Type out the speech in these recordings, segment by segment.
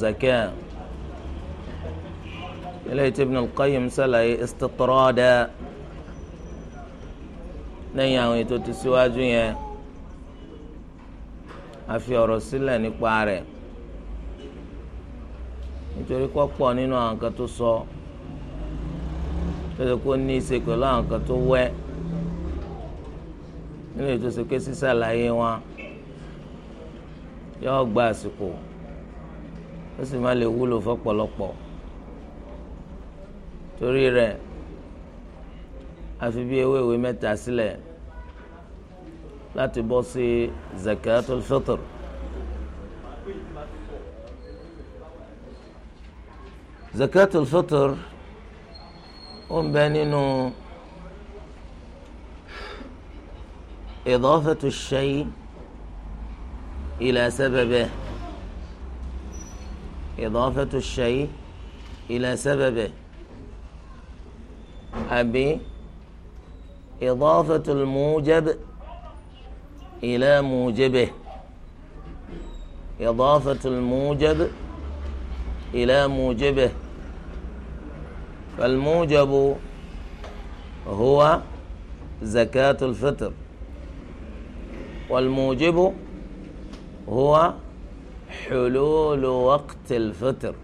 zaka eléyìí tí Ibn al-Qayyim sàlàyé istitrada lẹ́yìn àwọn ètò ti síwájú yẹn a fi ọ̀rọ̀ sílẹ̀ nípa rẹ̀ nítorí pọ̀pọ̀ nínú àwọn kan tó sọ tó ṣe kó ní í ṣe pẹ̀lú àwọn kan tó wẹ́ nínú ètò ìṣèké sísàlàyé wọn yóò gba àsìkò ó sì má lè wúlò fọ́pọ̀lọpọ̀ torí rẹ̀ àfi bí ewé ìwé mẹ́ta sílẹ̀ láti bọ́ sí zakatul fitr. zakatul fitr ó ń bẹ nínú idafatu shay ila sababihi. إضافة الشيء إلى سببه أبي إضافة الموجب إلى موجبه إضافة الموجب إلى موجبه فالموجب هو زكاة الفطر والموجب هو حلول وقت الفطر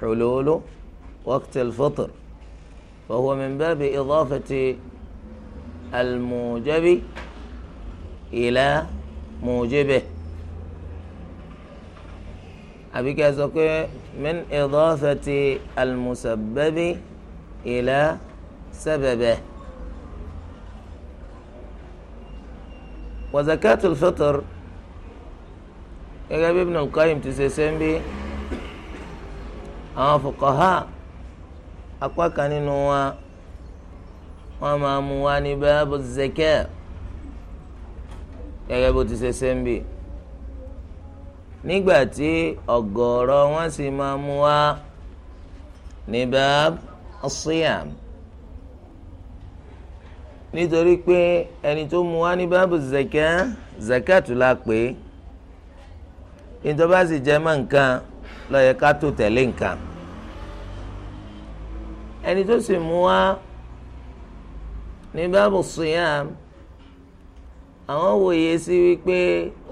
حلول وقت الفطر فهو من باب إضافة الموجب إلى موجبه أبيك أزوكي من إضافة المسبب إلى سببه وزكاة الفطر gẹ́gẹ́ bí Ibn al-Qayyim ti ṣe ṣe ń bí àwọn fuqaha apá kan nínú wa wọ́n máa mú wa ní báàbù zakẹ́ gẹ́gẹ́ bó ti ṣe ṣe ń bí nígbà tí ọ̀gọ̀ọ̀rọ̀ wọn sì máa mú wa ní báàbù as nítorí pé ẹni tó mú wa ní báàbù zakẹ́ zakẹ́ tó la pè é ìjọba sì jẹ́ mọ́ nǹkan ló yẹ ká tó tẹ̀lé nǹkan ẹni tó sì mú wá ní báàbù siyam àwọn wòye sí wípé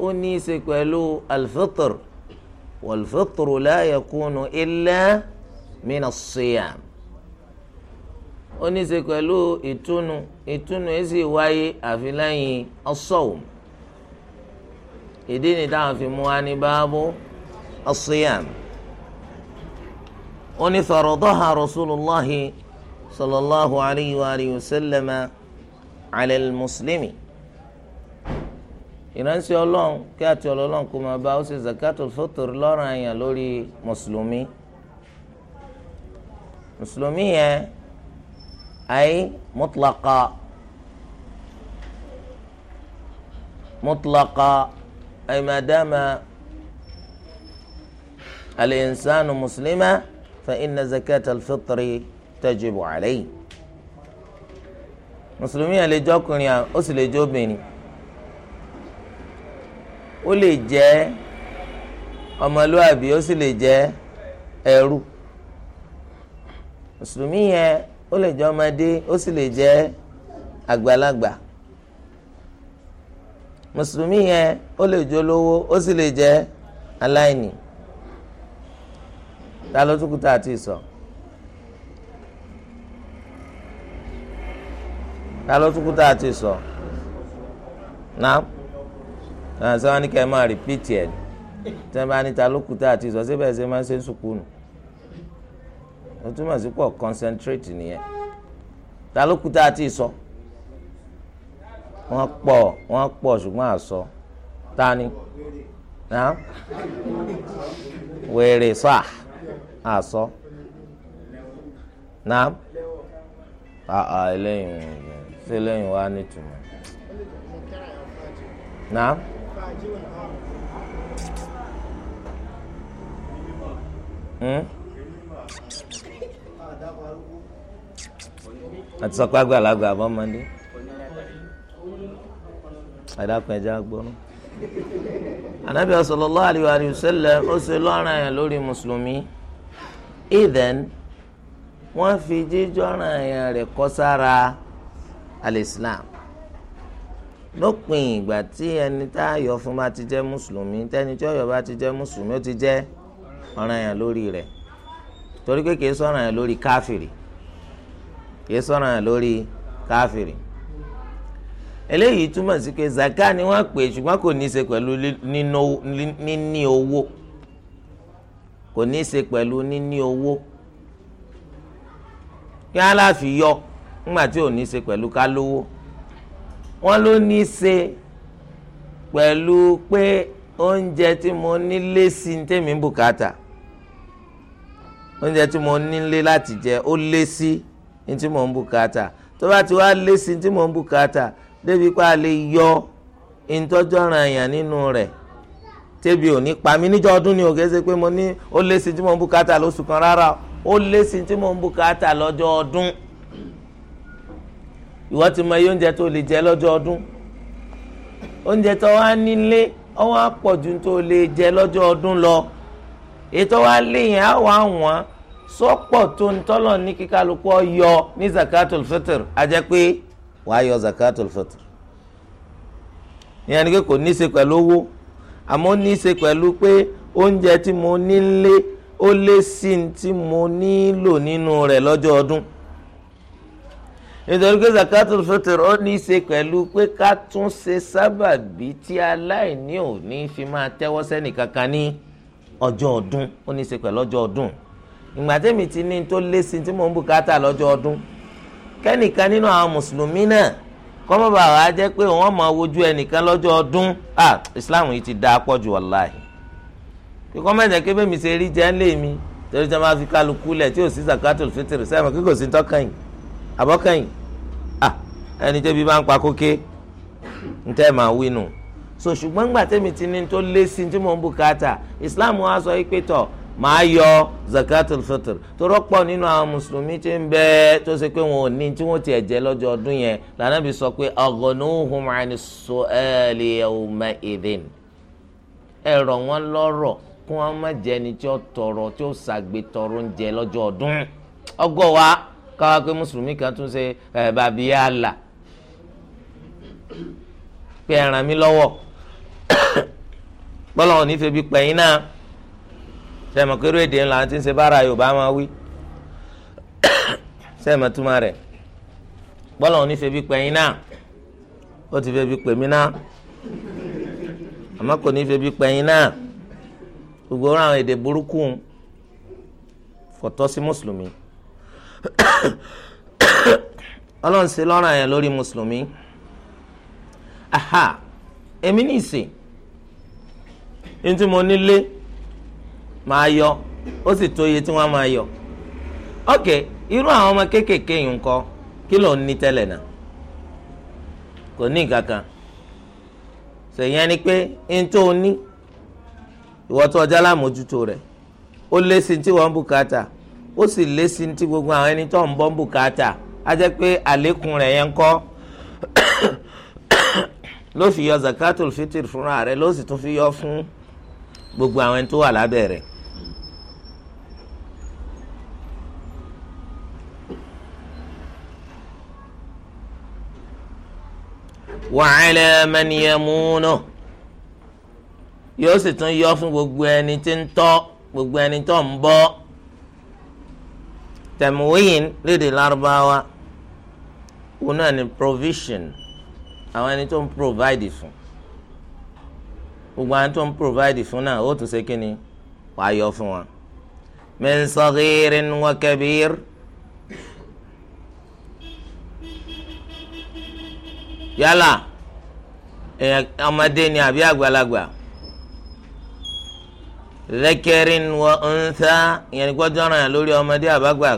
ó ní í ṣe pẹ̀lú alfitr walfitr la yakunu illa mina siyam ó ní í ṣe pẹ̀lú ìtúnu ìtúnu èsì wáyé àfi lẹ́yìn as ìdí ni táwọn fi mú wa ní báàbò asiyam oni faradaha rasulullahi sallallahu alayhi wa alihi wa sallama alal muslimi ìránṣẹ́ ọlọ́run kí àti ọlọ́run kò máa bá ó ṣe zakatul fitr lọ́rùn àyàn lórí mùsùlùmí mùsùlùmí yẹn ayé mutlaqa mutlaqa. أي ما دام الإنسان مسلما فإن زكاة الفطر تجب عليه mùsùlùmí yẹn lè jọ ọkùnrin ó sì lè jọ obìnrin ó lè jẹ ọmọlúwàbí ó sì lè jẹ ẹrú mùsùlùmí yẹn ó lè jẹ ọmọdé ó sì lè jẹ àgbàlagbà mùsùlùmí yẹn ó lè jólówó ó sì lè jẹ aláìní ta ló tún kú tá a ti sọ ta ló tún kú tá a ti sọ náà náà sọ wọn ní kẹ́ máa rìpíìtì ẹ̀ tẹ́ bá ní ta ló kú tá sọ síbẹ̀ ṣe máa ń ṣe ń sùkúrù ó túmọ̀ sí pọ̀ concentrate nìyẹn ta ló kú tá sọ. So wọ́n pọ̀ wọ́n pọ̀ ṣùgbọ́n àsọ tani wèrè sọ àsọ naam àà eléyìí ṣé eléyìí wá nítumọ̀ naam hmm? àti sọ pé àgbàlagbà àbọ̀mọdé ẹ̀dàkùn ẹ̀já gbọ́nú. anabi sallallahu alayhi wa sallam ó ṣe lọ́ràn yẹn lórí mùsùlùmí ìdẹ́n wọ́n fi jíjọ́ràn yẹn rẹ̀ kọ́ sára alìsílám lópin ìgbà tí ẹni tá a yọ fún bá ti jẹ́ mùsùlùmí tẹ́ni tí ọ̀yọ́ bá ti jẹ́ mùsùlùmí ó ti jẹ́ ọ̀ràn yẹn lórí rẹ̀ torí pé kìí sọ̀ràn yẹn lórí káfìrì kìí sọ̀ràn yẹn lórí káfìrì eléyìí túmọ̀ sí pé zaka ni wọ́n pè ṣùgbọ́n kò ní í ṣe pẹ̀lú níní owó kò ní í ṣe pẹ̀lú níní owó kí á láfi yọ nígbà tí ò ní í ṣe pẹ̀lú ká wọ́n ló ní í ṣe pẹ̀lú pé oúnjẹ tí mo nílé sí ní tèmi bùkátà oúnjẹ tí mo nílé láti jẹ ó lé sí ní tí mo ń bùkátà tó bá ti wá lé sí ní tí mo ń bùkátà débi pé a lè yọ ìtọ́jọ́ràn àyàn nínú rẹ̀ tẹ́bi ò pa mí níjọ́ ọdún ni ò ṣe pé ní ó lé sí tí mo ń bùkátà lóṣù kan rárá ó lé sí tí mo ń bùkátà mọ iye oúnjẹ tó lè jẹ lọ́jọ́ ọdún oúnjẹ tó wá nílé ọwọ́ àpọ̀jù tó lè jẹ lọ́jọ́ ọdún lọ ètò léyìn àwọn àwọn sọpọ tó ń tọ́lọ̀ ní kíkálukú ní zakatul wàá yọ zakatul fitr ìyẹn ni pé kò ní í ṣe pẹ̀lú owó àmọ́ ní í ṣe pẹ̀lú pé oúnjẹ tí mo ní lé ó lé sí tí mo nílò nínú rẹ̀ lọ́jọ́ ọdún nítorí pé zakatul fitr ó ní í ṣe pẹ̀lú pé ká tún ṣe sábàbí tí aláìní ò ní fi máa tẹ́wọ́ sẹ́nì kankan ní ọjọ́ ọdún ó ní í ṣe pẹ̀lú ọjọ́ ọdún ìgbà tẹ́mi ti ní tó lé sí tí mo ń bùkátà lọ́jọ́ ọdún kẹ́nìkan nínú àwọn mùsùlùmí náà kọ́mọ́ wa jẹ́ pé wọ́n máa wojú ẹnìkan lọ́jọ́ ọdún ah islam yìí ti da pọ̀jù wàláhì kíkọ́ mẹ́jẹ̀ kébé mi ṣe rí jẹ́ mi torí jẹ́ máa fi kálukú lẹ̀ tí ò sí zakatul sí ẹni tẹ́bi ń pa kókè ń tẹ́ máa wí nù so ṣùgbọ́n ti ní tó lé màá yọ zakatul fitr tó rọ́pọ̀ nínú àwọn mùsùlùmí tí ń bẹ tó ṣe pé wọn ò ní tí ti ẹ̀jẹ̀ lọ́jọ́ ọdún yẹn lànàbí sọ pé aghanuhum ani su'ali yawma idhin ẹ̀rọ wọn lọ́rọ̀ kí wọ́n má jẹ́ tí ó tọrọ tí ó ṣàgbé tọrọ nje lọjọ ọdún ọgọ wa káwá pé mùsùlùmí kan tún ṣe bàbí àlà pé ò sẹ́mi kéré èdè ńlá ti ń ṣe bára yorùbá máa wí sẹ́mi túmọ̀ rẹ̀ bọ́lá febi pẹ̀yìn náà ó ti febi pèmí náà àmọ́ kò ní febi pẹ̀yìn náà gbogbo àwọn èdè burúkú fọ̀tọ́ sí mùsùlùmí ọlọ́run ṣe lọ́rùn àyàn lórí mùsùlùmí aha èmi ní ìsìn ní mo nílé. máa yọ ó sì tó iye tí wọ́n máa yọ. ok irú àwọn ọmọ kéékèèké yìí ń kí ló ń ní tẹ́lẹ̀ náà kò ní nǹkan kan sèyàn ni pé n tó o ní ìwọ tó ọjà lámòjútó rẹ̀ ó lé sí ti wọ́n bùkátà ó sì lé sí ti gbogbo àwọn ẹni tó ń bọ́ bùkátà á jẹ́ pé àlékún rẹ̀ yẹn ń kọ́ ló fi yọ zakatul fitr fúnra rẹ̀ ló sì tún fi yọ fún gbogbo àwọn ẹni tó wà lábẹ́ rẹ̀. wa ala man yamunuhu yóò sì tún yọ fún gbogbo ẹni tí ń tọ́ gbogbo ẹni tó ń bọ́ tẹ̀mùwéyìn lédè lárúbáwá òun náà ni provision àwọn ẹni tó ń provide fún gbogbo àwọn tó ń provide fún náà ó tún ṣe kí ni wàá yọ fún wa min saghirin wa kabir. yálà ọmọdé ni àbí àgbàlagbà lẹ́kẹ́rin wọ ńsá ìyẹn ni gbọ́dọ̀ ràn yàn lórí ọmọdé àbágbà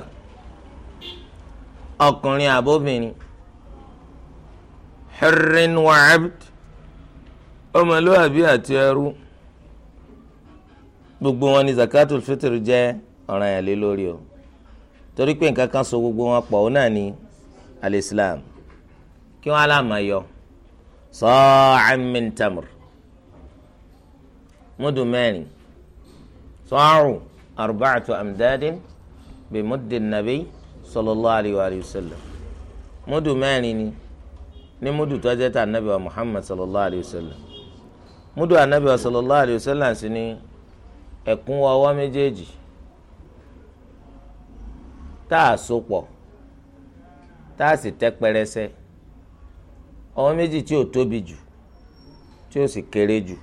ọkùnrin àbóbìnrin hurrin wa abd ọmọlúwàbí àti ẹrú gbogbo wọn ni zakatul fitr jẹ́ ọ̀ràn yàn lé lórí o torí pé nǹkan kan so gbogbo wọn pọ̀ ó náà ní alislam kí wọ́n aláàmà yọ sa'an min tamr múdù mẹ́rin sa'u arba'atu amdadin bi muddi nabi sallallahu alayhi wa sallam múdù mẹ́rin ni ní múdù tó jẹ́ ta anabi wa muhammad sallallahu alayhi wa sallam múdù anabi wa sallallahu alayhi wa sallam sì ni ẹ̀kún ọwọ́ méjèèjì tá a so pọ̀ tá pẹrẹsẹ. So ọwọ́ méjì tí ò tóbi jù tí ó sì kéré jù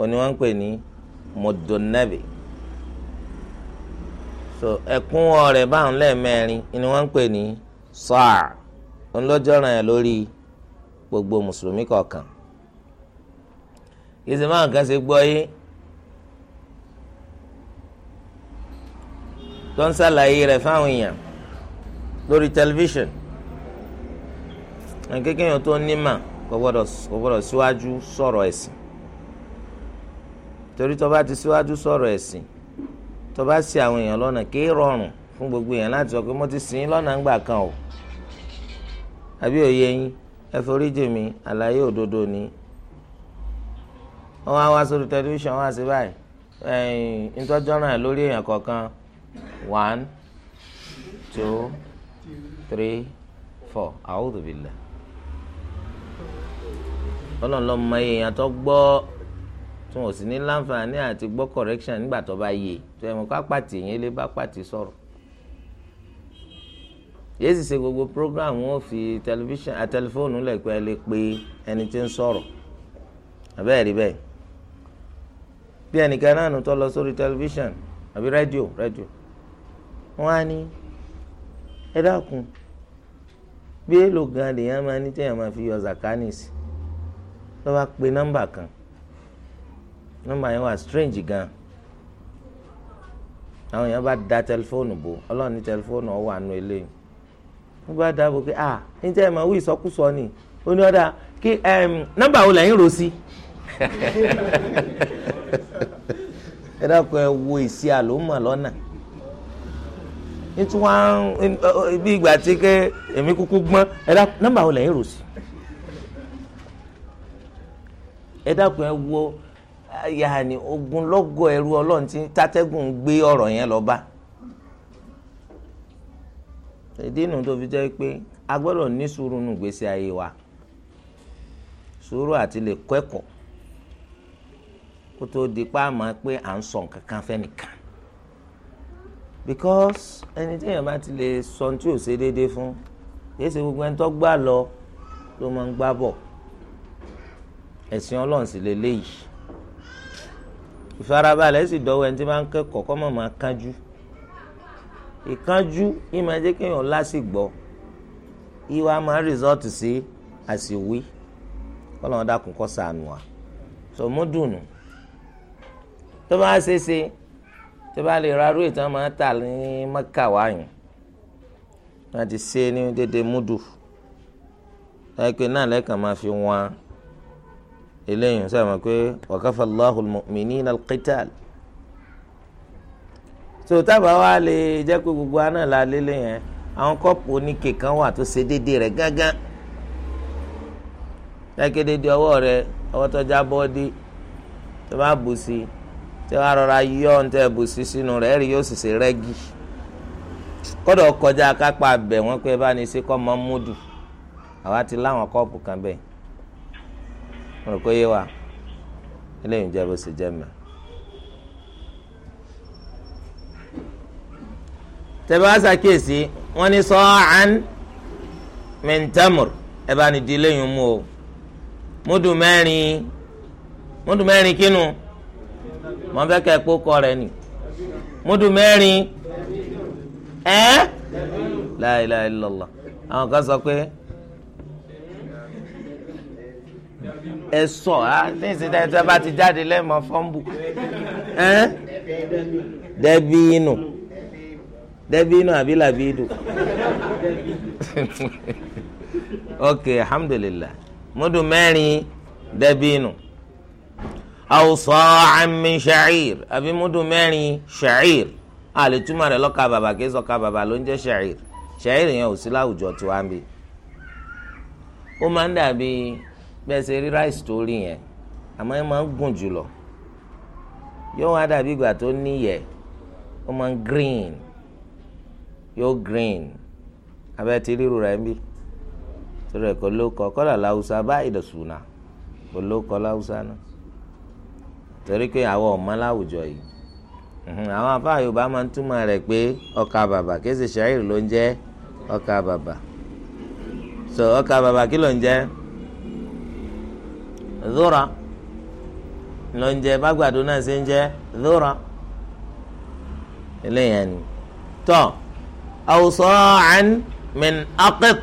òní wọ́n ń pè ní mọ̀dọ̀nẹ́bì so ẹ̀kún ọ̀rẹ́ báwọn lẹ́ẹ̀mẹ́rin ni wọ́n ń pè ní sáà ńlọ́jọ́ràn ẹ̀ lórí gbogbo mùsùlùmí kọ̀ọ̀kan ìsìn máa nǹkan ṣe gbọ́ yé tó ń ṣàlàyé rẹ̀ fáwọn èèyàn lórí tẹlifíṣàn kékeré tó nímà kò gbọ́dọ̀ síwájú sọ̀rọ̀ ẹ̀sìn torí tó bá ti síwájú sọ̀rọ̀ ẹ̀sìn tó bá sí àwọn èèyàn lọ́nà kí rọrùn fún gbogbo èèyàn láti sọ pé mo ti sìn ín lọ́nà ńgbà kan o àbí òye yín ẹ forí jì mí àlàyé òdodo ni wọ́n wá sórí tẹlifíṣàn wọ́n á sí báyìí ntọ́jọ́ràn lórí èèyàn kọ̀ọ̀kan one two three four a'udhu billah ọlọ́nlọ́ mọ èèyàn tó gbọ́ tí wọn ò sì ní láǹfààní àti gbọ́ correction nígbà tó bá yé tó ẹ̀ mọ̀ ká pàtì yẹn lé bá pàtì sọ̀rọ̀ yéé sì ṣe gbogbo program wọn fi tẹlifíṣàn àtẹlifóònù lẹ́pẹ́ lè pe ẹni tí ń sọ̀rọ̀ àbẹ́ẹ̀ rí bẹ́ẹ̀ bí ẹnìkan náà tó lọ sórí tẹlifíṣàn àbí rédíò rédíò wọn á ní ẹ dákun bí èèlò gan lèèyàn máa ní téèyàn máa fi yọ zakanis ló bá pe nọ́mbà kan nọ́mbà yẹn wà strange gan àwọn èèyàn bá da tẹlifóònù bò ọlọ́run ní tẹlifóònù ọ̀wọ́ àánú eléyìí wọ́n bá dáàbò pé ah níta ẹ̀ máa wí ìsọkúsọ ni ó ní ọ̀dà kí nọ́mbà wo lẹ́yìn rò sí ẹ dákun ẹ wo ìsí àlòmọ̀ lọ́nà nítorí wọn ìgbà tí èmi kúkú ẹ ẹ dákun ẹ wo yàní ogunlọ́gọ̀ ẹrú ọlọ́run tí tátẹ́gùn gbé ọ̀rọ̀ yẹn lọ bá ìdí inú tó fi jẹ́ pé a gbọ́dọ̀ ní sùúrù nù gbèsè ayé wa sùúrù àti lè kọ́ ẹ̀kọ́ kó tó di pa àmọ́ pé à ń sọ nǹkan kan fẹ́nìkan because ẹni tí èèyàn bá ti lè sọ ohun tí ò ṣe déédéé fún kì ṣe gbogbo ẹni tó gbà lọ ló máa ń gbá bọ̀ ẹ̀sìn ọlọ́run sì lélẹ́yìí ìfarabalẹ̀ sì dọ́wọ́ ẹni tí máa ń kẹ́kọ̀ọ́ kọ́ mọ̀ máa kánjú ìkánjú yìí máa jẹ́ kéèyàn lásìgbọ́ ìwà máa ń rìsọ́ọ̀tì sí àsìwí kọ́lọ́run dákun kọ́ sànù wa sọmúdùnú tó bá ṣe é ṣe tó bá lè rárú ìtàn máa tà ní mẹ́kà wáyìn láti ṣe é ní dédé múdù ẹ pé náà lẹ́kàn máa fi wọn eléyìí sọ ma pé wàkàfà allahul mu'minina al-qital so tábà wa lè jẹ́ pé gbogbo aná la lélẹ̀ yẹn àwọn kọ́pù oníke kan wà tó ṣe déédéé rẹ̀ gángan dáké déédéé ọwọ́ rẹ̀ ọwọ́ tọ́já bọ́ọ́dí tó bá bù sí tí wàá rọra yọ ohun bù sí sínú rẹ̀ ẹ̀rí yóò sì rẹ́gì kọ́dọ̀ kọjá kápá bẹ̀ wọ́n pé bá ní sí kọ́ mọ́ àwa ti láwọn kọ́pù kan bẹ́ẹ̀ mo rò pé yé wa eléyìí ń jẹ́ bó ṣe jẹ́ mi. tẹ́bá ṣàkíyèsí wọ́n ní sọ́ọ́án mẹ́ntẹ́mùr ẹ bá ní di eléyìí mú o múdù mẹ́rin múdù mẹ́rin kínú mọ fẹ́ kẹ́ kó kọ rẹ ni múdù mẹ́rin ẹ́ la àwọn kan sọ pé ẹ sọ á ní ìsìn tẹ́ tẹ́ bá ti jáde lẹ́mọ̀ fọ́nbù ẹ́n dẹ́bí inú dẹ́bí inú àbí làbí idù ok alhamdulilah mudu mẹ́rin dẹ́bí inú awusọ amin sha'ir àbí mudu mẹ́rin sha'ir àlètúmọ̀ rẹ̀ lọ́ka bàbà kì í sọ̀ka bàbà ló ń jẹ́ sha'ir sha'ir yẹn ò sí láwùjọ tiwa ń ó máa ń dàbí. bẹ́ẹ̀ ṣe rí ráìsì tó rí yẹn àmọ́ ẹ máa ń gùn jùlọ yóò wá dàbí ìgbà tó níyẹ̀ ó máa ń green yóò green abẹ́ ti ríru rẹ̀ ń bí torí ẹ̀ kò ló kọ́ kọ́là láwùsá báyìí dọ̀sùn náà ló kọ́ láwùsá náà torí pé àwọn ọ̀mọ́ láwùjọ yìí àwọn afá yorùbá máa ń túmọ̀ rẹ̀ pé ọkà bàbà kí ẹ sì ló ń jẹ́ ọkà bàbà so ọkà bàbà kí ló ń jẹ́. dhura lọ́njẹ bàgbàdo náà ṣe ń jẹ́ dhura eléyàn ni tọ́ awusọ́ọ̀án min aqit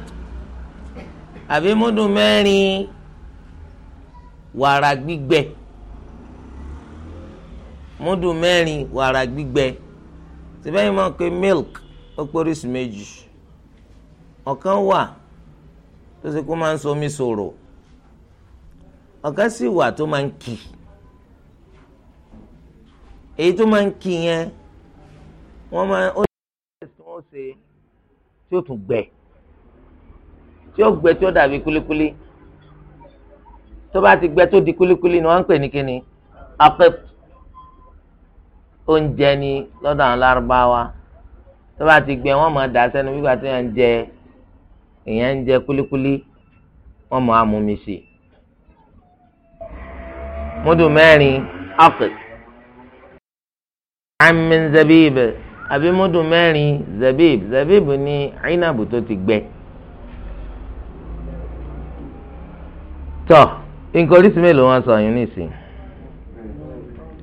àbí múdù mẹ́rin wàrà gbígbẹ múdù mẹ́rin wàrà gbígbẹ síbẹ̀yìn mọ̀ pé milk ó pọ́rísì méjì ọ̀kan wà tó ṣe kó máa ń somi sòrò. So ọ̀gá sì wà tó máa ń kì èyí tó máa ń kì yẹn wọ́n máa ó ní ìṣẹ̀lẹ̀ tí wọ́n ṣe tí ó tún gbẹ tí ó gbẹ tí ó dàbí kulikuli tó bá ti gbẹ tó di kulikuli ni wọ́n ń pè ní kíni apẹ́p oúnjẹ ni lọ́dọ̀ àwọn lárúbáwá tó bá ti gbẹ wọ́n máa dà sẹ́nu bí wàá ti yàn jẹ èèyàn ń jẹ kulikuli wọ́n máa mú mi sí i múdù mẹ́rin akid amin zabib àbí múdù mẹ́rin zabib zabib ní inabu tó ti gbẹ. tọ́ nǹkan oríṣi mélòó wọn sọ àyùn nísìnyí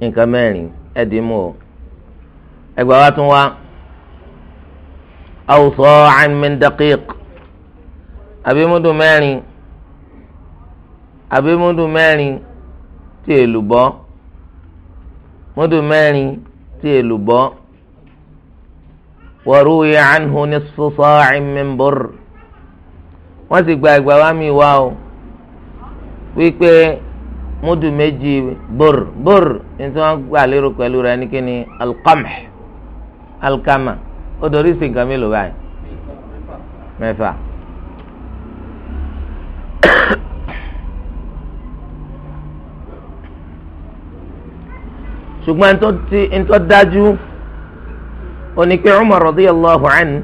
nǹkan mẹ́rin ẹ̀dínmú o ẹgbàá wa tún wá awùsọ min daqiq àbí múdù mẹ́rin àbí múdù mẹ́rin tí èlùbọ́ múdù mẹ́rin tí èlùbọ́ wọ̀rúwì ànhu ní sọ́sọ́ àìmínbọ́r wọ́n sì gba ìgbà wá mi wá o wípé múdù méjì bọ́r bọ́r ní tí wọ́n gbà lérò pẹ̀lú rẹ̀ ní kíni alqamh alkama ó dorí sí nǹkan mélòó báyìí mẹ́fà. ṣùgbọ́n ntọ́ dájú onípe Umar radiyallahu anhu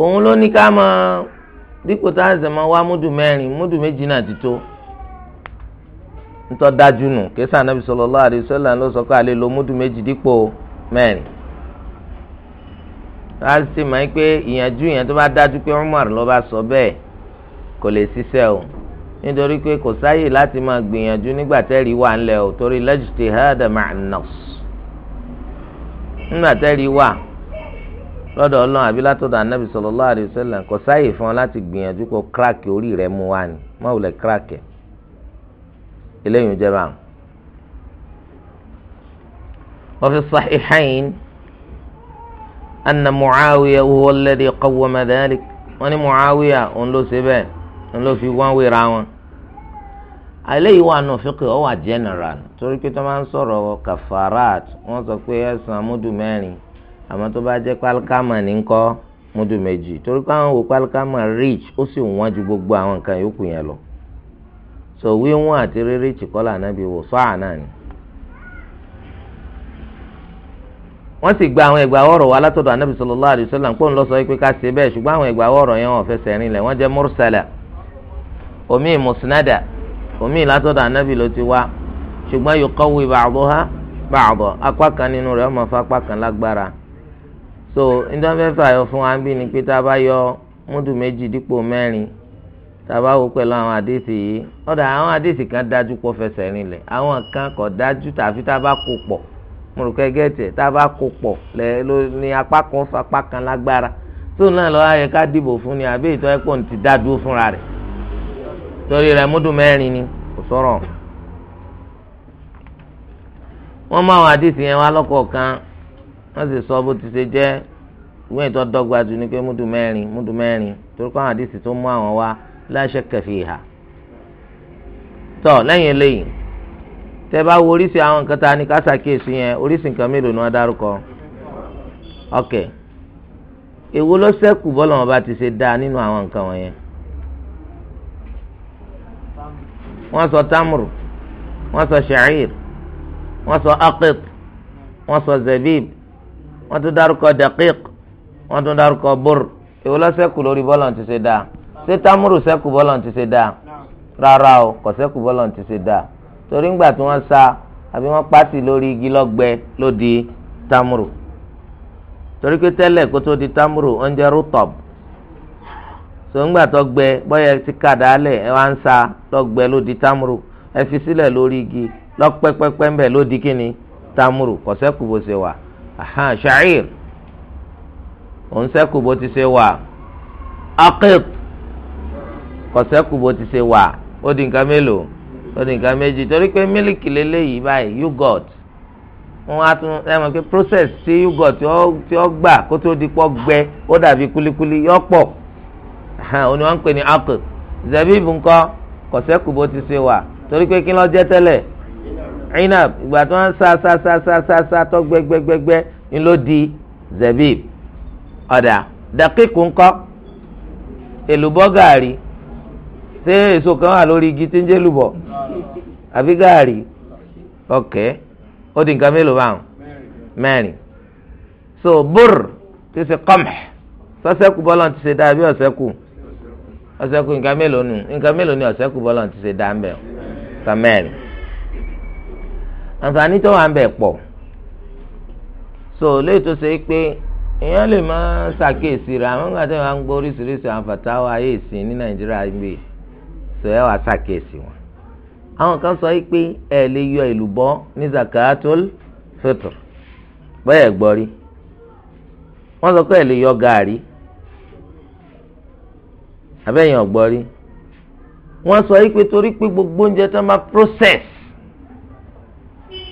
òun ló ní ká máa dípò tá a zẹ̀ máa wá múdù mẹ́rin múdù méjì náà ti tó ntọ́ dájú nù kéésà anábì sallallahu alaihi wasallam ló sọ pé a lè lo múdù méjì dípò mẹ́rin láti ṣe máa ń pé ìyànjú ìyẹn tó bá dájú pé Umar ló bá sọ bẹ́ẹ̀ kò lè ṣiṣẹ́ o. nítorí pé kò sáyè láti máa gbìyànjú nígbà tẹ́rì wà ńlẹ̀ ò torí lajtihada ma'an nas nígbà tẹ́rì wà lọ́dọ̀ ọlọ́run àbí látọ̀dọ̀ anábì sallallahu alaihi wasallam kò sáyè fún ọ láti gbìyànjú kó orí mú ni má wulẹ̀ kíráàkì eléyìí ń jẹ́ báwọn. وفي الصحيحين أن معاوية هو الذي قوم ذلك وأن معاوية ń lọ fi wọ́n wéra wọn àìléyìí wà nù fíkì ọ wà general torí pé tó máa ń sọ̀rọ̀ kafarat wọ́n sọ pé ẹ̀sán múdù mẹ́rin àmọ́ tó bá jẹ́ pálkámà ní kọ́ múdù méjì torí pé àwọn wò pálkámà rich ó sì wọ́n ju gbogbo àwọn nǹkan yòókù yẹn lọ so wíwọ́n àti rírí chikola nábì wò sọ́à náà ni. wọ́n sì gba àwọn ẹgbàá ọ̀rọ̀ wa látọ̀dọ̀ anábì sallallahu alaihi wasallam pé òun lọ sọ ká ṣe bẹ́ẹ̀ ṣùgbọ́n àwọn ẹgbàá ọ̀rọ̀ yẹn wọ́n fẹsẹ̀ rinlẹ̀ wọ́n jẹ́ mursala omi musnada omi látọ̀dọ̀ anabi ló ti wá ṣùgbọ́n yuqawwi ba'daha ba'da apá kan nínú rẹ̀ ọmọ fún kan lágbára so ndọ́nfẹ́fẹ́ àyọ̀ fún wa bí ni pé tá a bá yọ múdù méjì dípò mẹ́rin tá a bá wò pẹ̀lú àwọn àdéhìsì yìí ọ̀dà àwọn àdéhìsì kan dájú pọ̀ fẹsẹ̀ rinlẹ̀ àwọn kan kò dájú tàfi tá a bá kó pọ̀ mo rò kẹ́ tá a bá kó pọ̀ lẹ́ ló ní apá kan fún kan lágbára tó náà lọ́ọ́ ayẹ ká dìbò fún ni àbí ìtọ́ ẹ̀pọ̀ ti dá dúró fúnra rẹ̀ torí rẹ̀ múdù mẹ́rin ni kò sọ̀rọ̀ wọ́n mú àwọn àdìsí yẹn wá lọ́kọ̀ọ̀kan wọ́n sì sọ bó ti ṣe jẹ́ ìwé ìtọ́ dọ́gba jù ní pé múdù mẹ́rin múdù mẹ́rin torí káwọn àdìsí tó mú àwọn wá la shakka fiha tọ́ lẹ́yìn eléyìí tẹ́ bá wo oríṣi àwọn nǹkan tá a ní ká ṣàkíyèsí yẹn oríṣi nǹkan mélòó ni wọ́n dárúkọ ok èwo ló ṣẹ́kù bọ́lọ̀ ti ṣe dáa nínú àwọn nǹkan wọ̀nyẹn wọ́n sọ tamuru wọ́n sọ sha'ir wọ́n sọ aqit wọ́n sọ zabib wọ́n tún dárúkọ daqiq wọ́n tún dárúkọ bur èwo ló ṣẹ́kù lórí bọ́ọ̀lù ti ṣe dáa ṣé tamuru ṣẹ́kù bọ́ọ̀lù ti ṣe dáa rárá o kò ṣẹ́kù bọ́ọ̀lù ti ṣe dáa torí ńgbà tí wọ́n sa àbí wọ́n pàtì lórí igi lọ́gbẹ ló tamuru torí pé tẹ́lẹ̀ kó di tamuru oúnjẹ rútọ̀bù sọ̀ngbà tó gbẹ bọ́yẹ ti kàdá lẹ̀ ẹ wá ń sa lọ́gbẹ lódi tamuru ẹ fi sílẹ̀ lórí igi lọ́pẹ́pẹ́pẹ́ ń bẹ̀ lódi kíni tamuru kò sẹ́kù bó ṣe wà ṣàìr òun sẹ́kù bó ti ṣe wà akit kò sẹ́kù bó ti ṣe wà ó di nǹkan mélòó ó di nǹkan méjì torí pé mílìkì lélẹ́yìí báyìí yúgọ̀t wọ́n á tún ẹ mọ̀ pé process tí yúgọ̀t tí ó gbà kó tó di pọ̀ gbẹ ó dàbí kulikuli yọ pọ̀ òní wọn ń pè ní akl zabib ńkọ́ kọ̀sẹ́kù bó ti ṣe wà torí pé kí ló jẹ́ tẹ́lẹ̀ inab ìgbà tí wọ́n ń sa sa sa sa sa sa tó gbẹ́gbẹ́gbẹ́gbẹ́ ni ló di zabib ọ̀dà dàkíkù ńkọ́ èlùbọ́ gàrí ṣé èso kan wà lórí igi tí ń jẹ́ lùbọ̀ àbí gàrí ọ̀kẹ́ ó di nǹkan mélòó báwọn mẹ́rin so bur ti ṣe kọ́mẹ̀ sọ́sẹ́kù bọ́lá ti ṣe dáa bí ọ̀sẹ́kù. So, ọ̀sẹ̀kù nǹkan mélòó nù nǹkan mélòó ni ọ̀sẹ̀kù bọ́lá ti ṣe dá ń bẹ̀ nǹkan mẹ́rin àǹfààní tó wà ń bẹ̀ pọ̀ so léyìí tó ṣe é pé èèyàn lè máa ṣàkíyèsí rẹ̀ àwọn nǹkan tó wà ń gbọ́ oríṣiríṣi àǹfààtà wa ayé ìsìn ní nàìjíríà gbé sọ ẹ wà ṣàkíyèsí wọn àwọn kan sọ yìí pé ẹ lè yọ èlùbọ́ ní zakatul fitr bẹ́ẹ̀ gbọ́ rí sọ pé ẹ lè yọ gàárì abẹ́yẹn ọ̀gbọ́n rí wọ́n sọ yìí pé torí pé gbogbo oúnjẹ tó máa process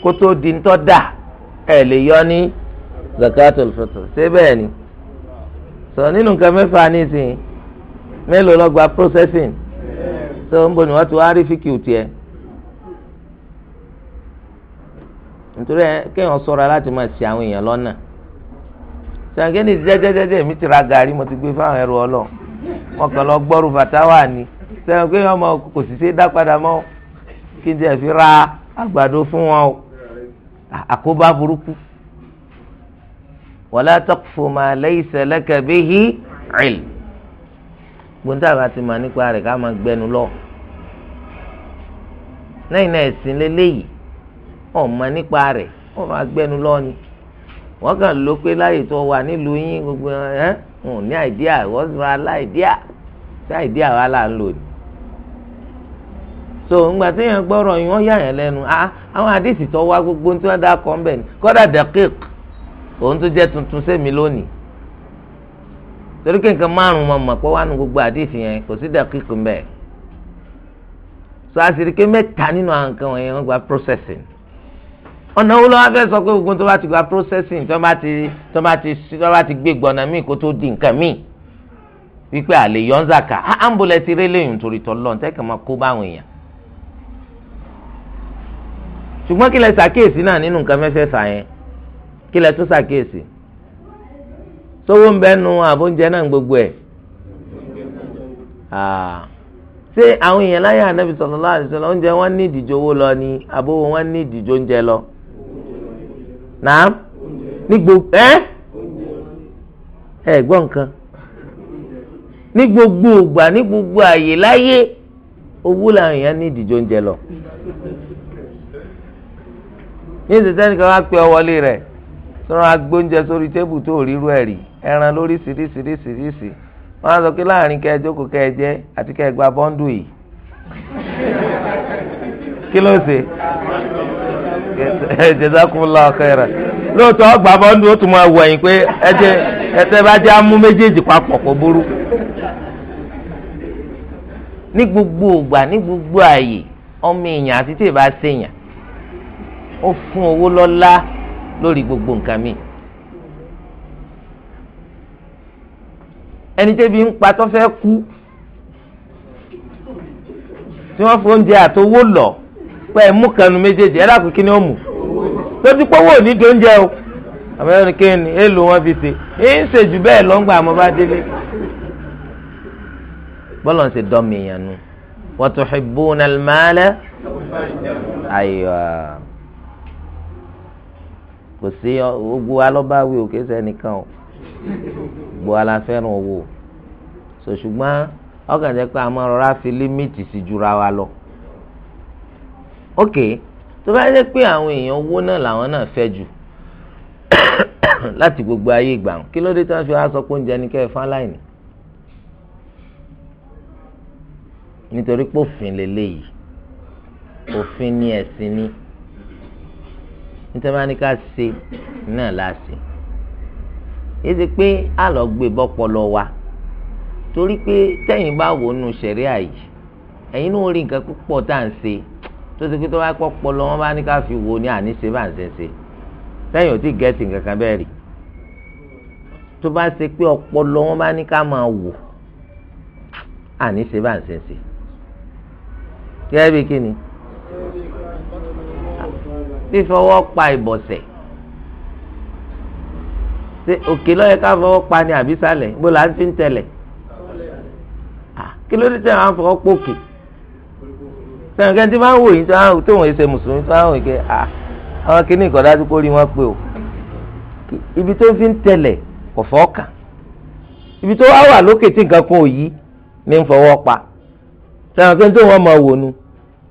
kó tó di ń tọ́ dà ẹ̀ lè yọ ní zakatul fitr ṣé bẹ́ẹ̀ ni sọ nínú nǹkan mẹ́fà nísìnyí mélòó ló gba processing tó ń bọ̀ ni wọ́n ti wá rí fíkìú tiẹ̀ nítorí ẹ kéèyàn ṣọ́ra láti máa ṣe àwọn èèyàn lọ́nà ṣàǹgẹ́ni jẹ́jẹ́jẹ́jẹ́ mi ti ra gàrí mo ti gbé fáwọn ẹrù ọlọ́ọ̀ wọn kàn lọ gbọ́rù fàtáwà ni sẹ́wọ̀n pé ọmọ kò sì ṣe dá padà mọ́ kí n jẹ́ fi ra àgbàdo fún wọn o àkóbá burúkú wala taqfu ma laysa laka bihi ilm gbóńtà bá ti mà nípa rẹ̀ ká máa gbẹnu lọ lẹ́yìn náà ẹ̀sìn lélẹ́yìí ọ̀ mà nípa rẹ̀ ọ̀ máa gbẹnu lọ ni wọ́n kàn ló pé láyè tó wà nílùú yín gbogbo ẹ̀ wọn ò ní àìdíà ìwọ sì máa láìdíà sí àìdíà wa là ń lò ní. so ńgbà tí yẹn gbọ́rọ̀ yìí wọ́n yà yẹn lẹ́nu ah, àwọn àdìsí tó wá gbogbo tí wọ́n dá kọ́ ń bẹ̀ ni kọ́dà dẹ́kík òun tó jẹ́ tuntun sẹ́mi lónìí torí kí nǹkan márùn mọ̀ mọ̀ pé wà nù gbogbo àdìsí yẹn kò sí dẹ́kík ń bẹ̀ so àṣírí pé mẹ́ta nínú àwọn nǹkan wọ̀nyẹn wọ́n gba processing ọ̀nà wo lọ́wọ́ fẹ́ sọ pé gbogbo tó bá ti gba processing tó bá ti tó bá ti tó bá ti gbé gbọ̀nà míì kó tó di nǹkan míì wípé àlè yọ̀ ń zàkà ambulance ti rélé yìí nítorí tọ́lọ́ ntẹ́kẹ̀ máa kó báwọn èèyàn. ṣùgbọ́n kí lẹ ṣàkíyèsí náà nínú nǹkan mẹ́fẹ́ fà yẹn kí lẹ tún ṣàkíyèsí. sówó ń bẹ́ nu àbóúnjẹ náà gbogbo ẹ̀. Ah. ṣé àwọn èèyàn láyé ànábì sallallahu alaihi oúnjẹ wọn ní ìdìjọ owó lọ ni àbówó wọn ní ìdìjọ oúnjẹ lọ. naam ní gbogbo ẹ ẹ gbọ́ nǹkan ní gbogbo ìgbà ní gbogbo àyè láyé owó làwọn èèyàn ní ìdìjọ oúnjẹ lọ ní sórí tébù tó ẹran lórí á sọ pé láàrin kẹjọ kò kẹjẹ àti kẹgbà bọ́ńdù yìí kí ló ṣe. jazakumullahu khairan lóòótọ́ ọgbà bọ́ndù ó tún máa wọ ẹ̀yìn pé ẹ̀jẹ̀ ẹ̀tẹ́ bá jẹ́ amú méjèèjì papọ̀ kò burú. ní gbogbo ògbà ní gbogbo ààyè ọmọ èèyàn àti tí ì bá ṣèyàn ó fún owó lọ́lá lórí gbogbo nǹkan mi. ẹni tẹ́bi ń pa tó fẹ́ kú tí wọ́n fi oúnjẹ àtowó lọ pé ẹ mú kanu méjèèjì ẹ dákun kí ni ó mú lójú pọ́wọ́ ò ní tó ń jẹ o àbẹ̀wò ni kéènì èèlò wọn fi ṣe é ń ṣe jù bẹ́ẹ̀ lọ́ngbà mo bá délé bọ́lọ̀ ń ṣe dọ́mi èèyàn nu wa tuhibbuna al-mala aywa kò sí gbogbo alọ́báwí òkè sẹ́nìkan o gbogbo aláfẹ́ràn owó so ṣùgbọ́n pé a máa rọra fi límìtì sí jura wa lọ ok tó bá yẹ pé àwọn èèyàn owó náà làwọn náà fẹ́ jù láti gbogbo ayé ìgbà wọn kí ló dé tí wọ́n fi wá sọ pé oúnjẹ ni kẹ́ ẹ fún aláìní nítorí pé òfin lélẹ́yìí òfin ni ẹ̀sìn ni nítorí wọn ní ká ṣe náà láṣẹ yìí ti pé a lọ gbé bọ́pọlọ wa torí pé tẹ́yìn bá wò nù sẹ̀ríà yìí ẹ̀yin náà rí nǹkan púpọ̀ tá à ń ṣe tó ti kí tó bá pọ̀ pọ̀ lọ wọ́n bá ní ká fi wo ní àníṣe bá ń ṣe ṣe sẹ́yìn ò tí gẹ̀ẹ́tì kankan bẹ́ẹ̀ rí tó bá ṣe pé ọpọlọ wọn bá ní ká máa wò àníṣe bá ń ṣe ṣe kẹ́ẹ́bí kí ni fífọwọ́ pa ìbọ̀sẹ̀ ṣe òkè ló yẹ ká fọwọ́ pa ni àbísàlẹ̀ bó la ń fi ń tẹ̀lẹ̀ kí ló dé tẹ̀ wọ́n á fọwọ́ pòkè sẹ́yìn kẹ́ntì máa ń wò yín tó wọ́n ṣe mùsùlùmí tó wọ́n kẹ́ à àwọn kìíní ìkọ̀dájú kó rí wọn pé o ibi tó fi ń tẹ̀lẹ̀ ọ̀fọ́ kà ibi tó wá wà lókè tí nǹkan kan ò yí ní ń fọwọ́ pa sẹ́yìn kẹ́ntì wọn máa wò nu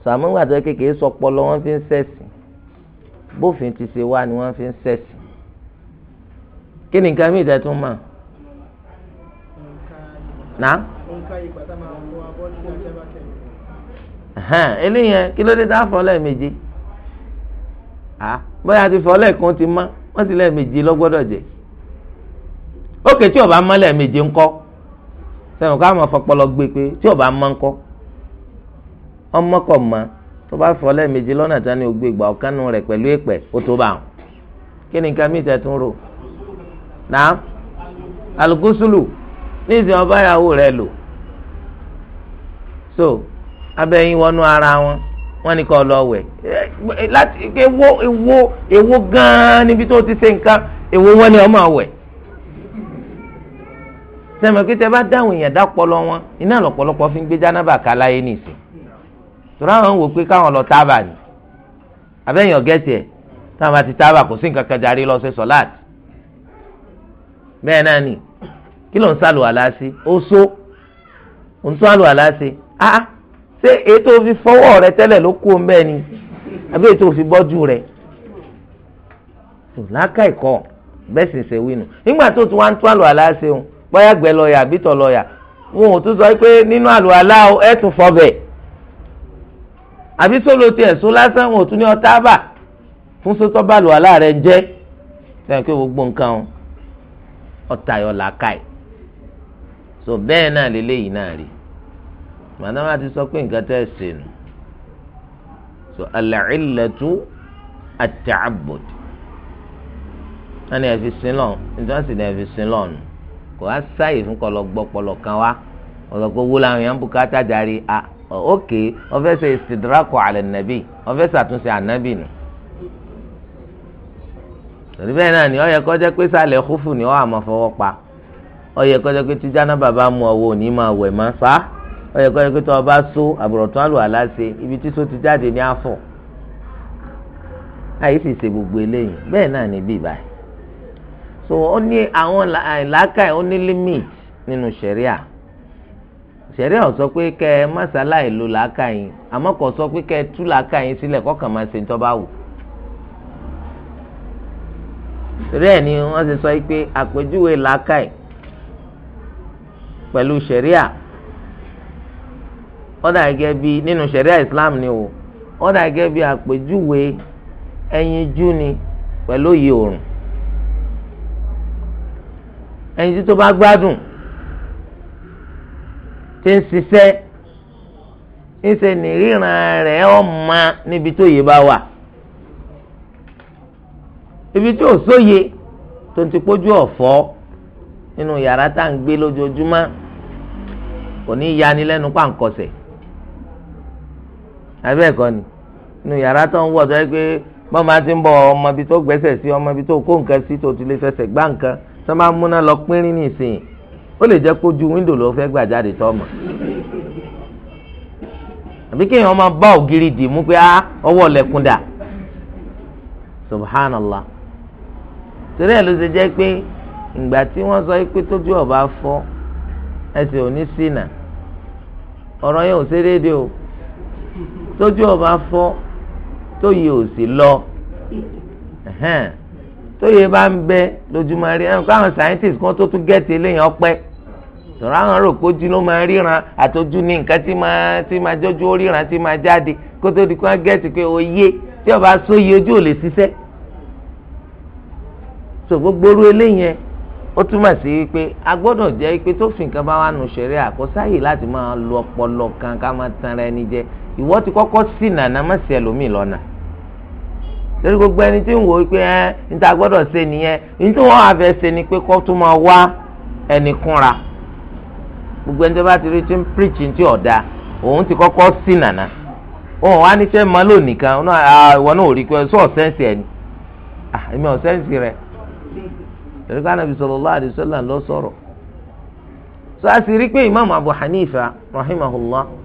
sàmúgbà tó kékeré sọpọlọ wọn fi ń sẹ̀sìn bófin ti ṣe wá ni wọ́n fi ń sẹ̀sìn kí ni nǹkan mìíràn tún mọ̀ náà eléyẹn kí ló dé tá a fọ lẹ́ẹ̀mejì bóyá ti fọ lẹ́ẹ̀kan ti mọ́ wọ́n ti lẹ́ẹ̀mejì lọ́gbọ́dọ̀ jẹ́ ókè tí o bá mọ́ lẹ́ẹ̀mejì ńkọ́ sẹ́wọ̀n ká mọ̀ fọpọlọ gbé pé tí o bá mọ́ ńkọ́ ọmọ kọ̀ mọ́ tó bá fọ lẹ́ẹ̀mejì lọ́nà tán o gbé ìgbà ọ̀kánu rẹ̀ pẹ̀lú èpẹ̀ ó tó bá wọn kí ni nǹkan mìíràn tún rò náà alùkùsùlù ní ìsìn ọba ìyàwó rẹ̀ lò so abẹ́yìn wọnú ara wọn wọ́n ní kó lọ wẹ̀ eh, láti ewo ewo ewo gan-an níbi tó ti ṣe nǹkan ewo wọn ni ọmọ wẹ̀ sẹ́mi pé tẹ́ bá dáhùn èèyàn dápọ̀lọ́ wọn iná lọ̀pọ̀lọpọ̀ fi ń gbé jánábà káláyé nìsín tọ́lá àwọn wò pé káwọn lọ tábà ni abẹ́yìn ọ̀gẹ́tì ẹ̀ táwọn àti tábà kò sí nǹkan kan darí lọ sí sọ́láàtì bẹ́ẹ̀ náà nì kí ló ń sálò àlá sí ó só ń tó àlò àlá sí áá ṣé èyí tó fi fọwọ́ rẹ tẹ́lẹ̀ ló kú ọmọ ẹni àbí èyí tó fi bọ́jú rẹ láàkà ìkọ bẹ́ẹ̀ sì ṣe wínu nígbà tó tún wá ń tún àlọ́ àlá ṣeun bóyá gbẹ lọ́ọ̀yà àbí tọ̀ lọ́ọ̀yà wọn ò tún sọ pé nínú àlọ́ àlá ẹ̀ tún fọbẹ̀ àbí sólo tiẹ̀ sún lásán wọn ò tún ní ọtá bà fún sótọ́ bá lọ́ àlá rẹ jẹ́ fẹ́ràn pé gbogbo nǹkan ọ̀tayọ̀ làákà ẹ̀ so bẹ́ẹ̀ náà lélẹ́yìí náà rí màdàmá ti sọ pé nǹkan tẹ́ ẹ ṣe nù so al-illatu at-ta'abbud wọ́n ní ẹ̀fi sin lọ́n nítorí sì ní ẹ̀fi sin lọ́n kò á sáyè fún kọlọ gbọ́pọlọ kan wá ọ̀sọ̀ pé wúlò àwọn èèyàn bùkátà darí a ok ọ̀fẹ́ ṣe istidraku ala nabi ọ̀fẹ́ ṣàtúnṣe ànábì nù torí bẹ́ẹ̀ náà ni ó yẹ pé sàlẹ̀ kúfù ni ó àmọ́ fọwọ́ pa ó yẹ pé tíjáná bàbá mu ọwọ́ òní máa wẹ̀ máa fa ọyọ kọ́ ẹ pé tó ọba so àbùrọ̀tún àlò àláṣe ibi tí so ti jáde ní àfọ̀ àyè sì ṣe gbogbo eléyìí bẹ́ẹ̀ náà ní bíbá yìí so ó ní àwọn làákàyè ó ní limit nínú ṣẹ̀ríà ṣẹ̀ríà ó sọ pé kẹ́ ẹ mọ́sálà ìlú làákàyè àmọ́ kò sọ pé kẹ́ ẹ tú làákàyè sílẹ̀ kọ́kàn máa ṣe ń tọ́ bá wù. ni wọ́n ti sọ pé àpèjúwe làákàyè pẹ̀lú ṣẹ̀ríà ọ̀dà gẹ́gẹ́ bí nínú ṣẹ̀ríà Islam ni o ọ̀dà gẹ́gẹ́ bí àpèjúwe ẹyinjú ni pẹ̀lú òye òrùn ẹyinjú tó bá gbádùn tí ń ṣiṣẹ́ ńṣe nìríran rẹ̀ ọ̀ma níbi tó yé bá wà ibi tí ò sóye tó ti pójú ọ̀fọ́ nínú yàrá tá à ń gbé lójoojúmọ́ kò ní yanilẹ́nu pàǹkọ̀sẹ̀ abẹ́ ẹ̀kọ́ ni inú yàrá tó ń wọ̀ tó yẹ pé bọ́n máa ti ń bọ̀ ọmọ ibi tó gbẹ́sẹ̀ sí ọmọ ibi tó kó nǹkan sí tó ti lè fẹsẹ̀ gbá nǹkan tó máa múná lọ pínrín nìsín ó lè jẹ́ kó ju wíńdò ló fẹ́ gbà jáde tó mọ̀ àbí máa bá ògiri dì mú pé á ọwọ́ dà sọ pé tójú ọba fọ́ ẹsẹ̀ sínà tójú ọba fọ́ tóyè ò sí lọ tóyè bá ń bẹ lójúmọ́ rí ẹnu káwọn scientist kan tó tún gẹ́tì eléyìí ọpẹ́ tọ̀rọ̀ àwọn rò pójú ló máa ríran àtọ́jú ní nǹkan tí máa tí máa jọ́jú ó ríran tí máa jáde kó tó di kó gẹ́tì pé òye tí ọba sóye ojú ò lè ṣiṣẹ́ so gbogbo orú eléyìí ó túmọ̀ sí pé a gbọ́dọ̀ jẹ́ pé tó fi nǹkan bá wà nù ṣẹ̀rẹ́ àkọsáyè láti máa lo ọpọlọ kan ká máa tanra ẹni jẹ ìwọ ti kọ́kọ́ sí nànà má sí ẹlòmíì lọ́nà torí gbogbo ẹni tí ń wò ó pé ẹ níta gbọ́dọ̀ ṣe nìyẹn nítorí wọn wà fẹ́ ṣe ni pé máa wá kúnra gbogbo ẹni tó bá ti rí tí ń píríkì tí ọ̀dà òun ti kọ́kọ́ sí nànà òun wá níṣẹ́ mọ́ lónìí kan ìwọ náà ò rí pé sọ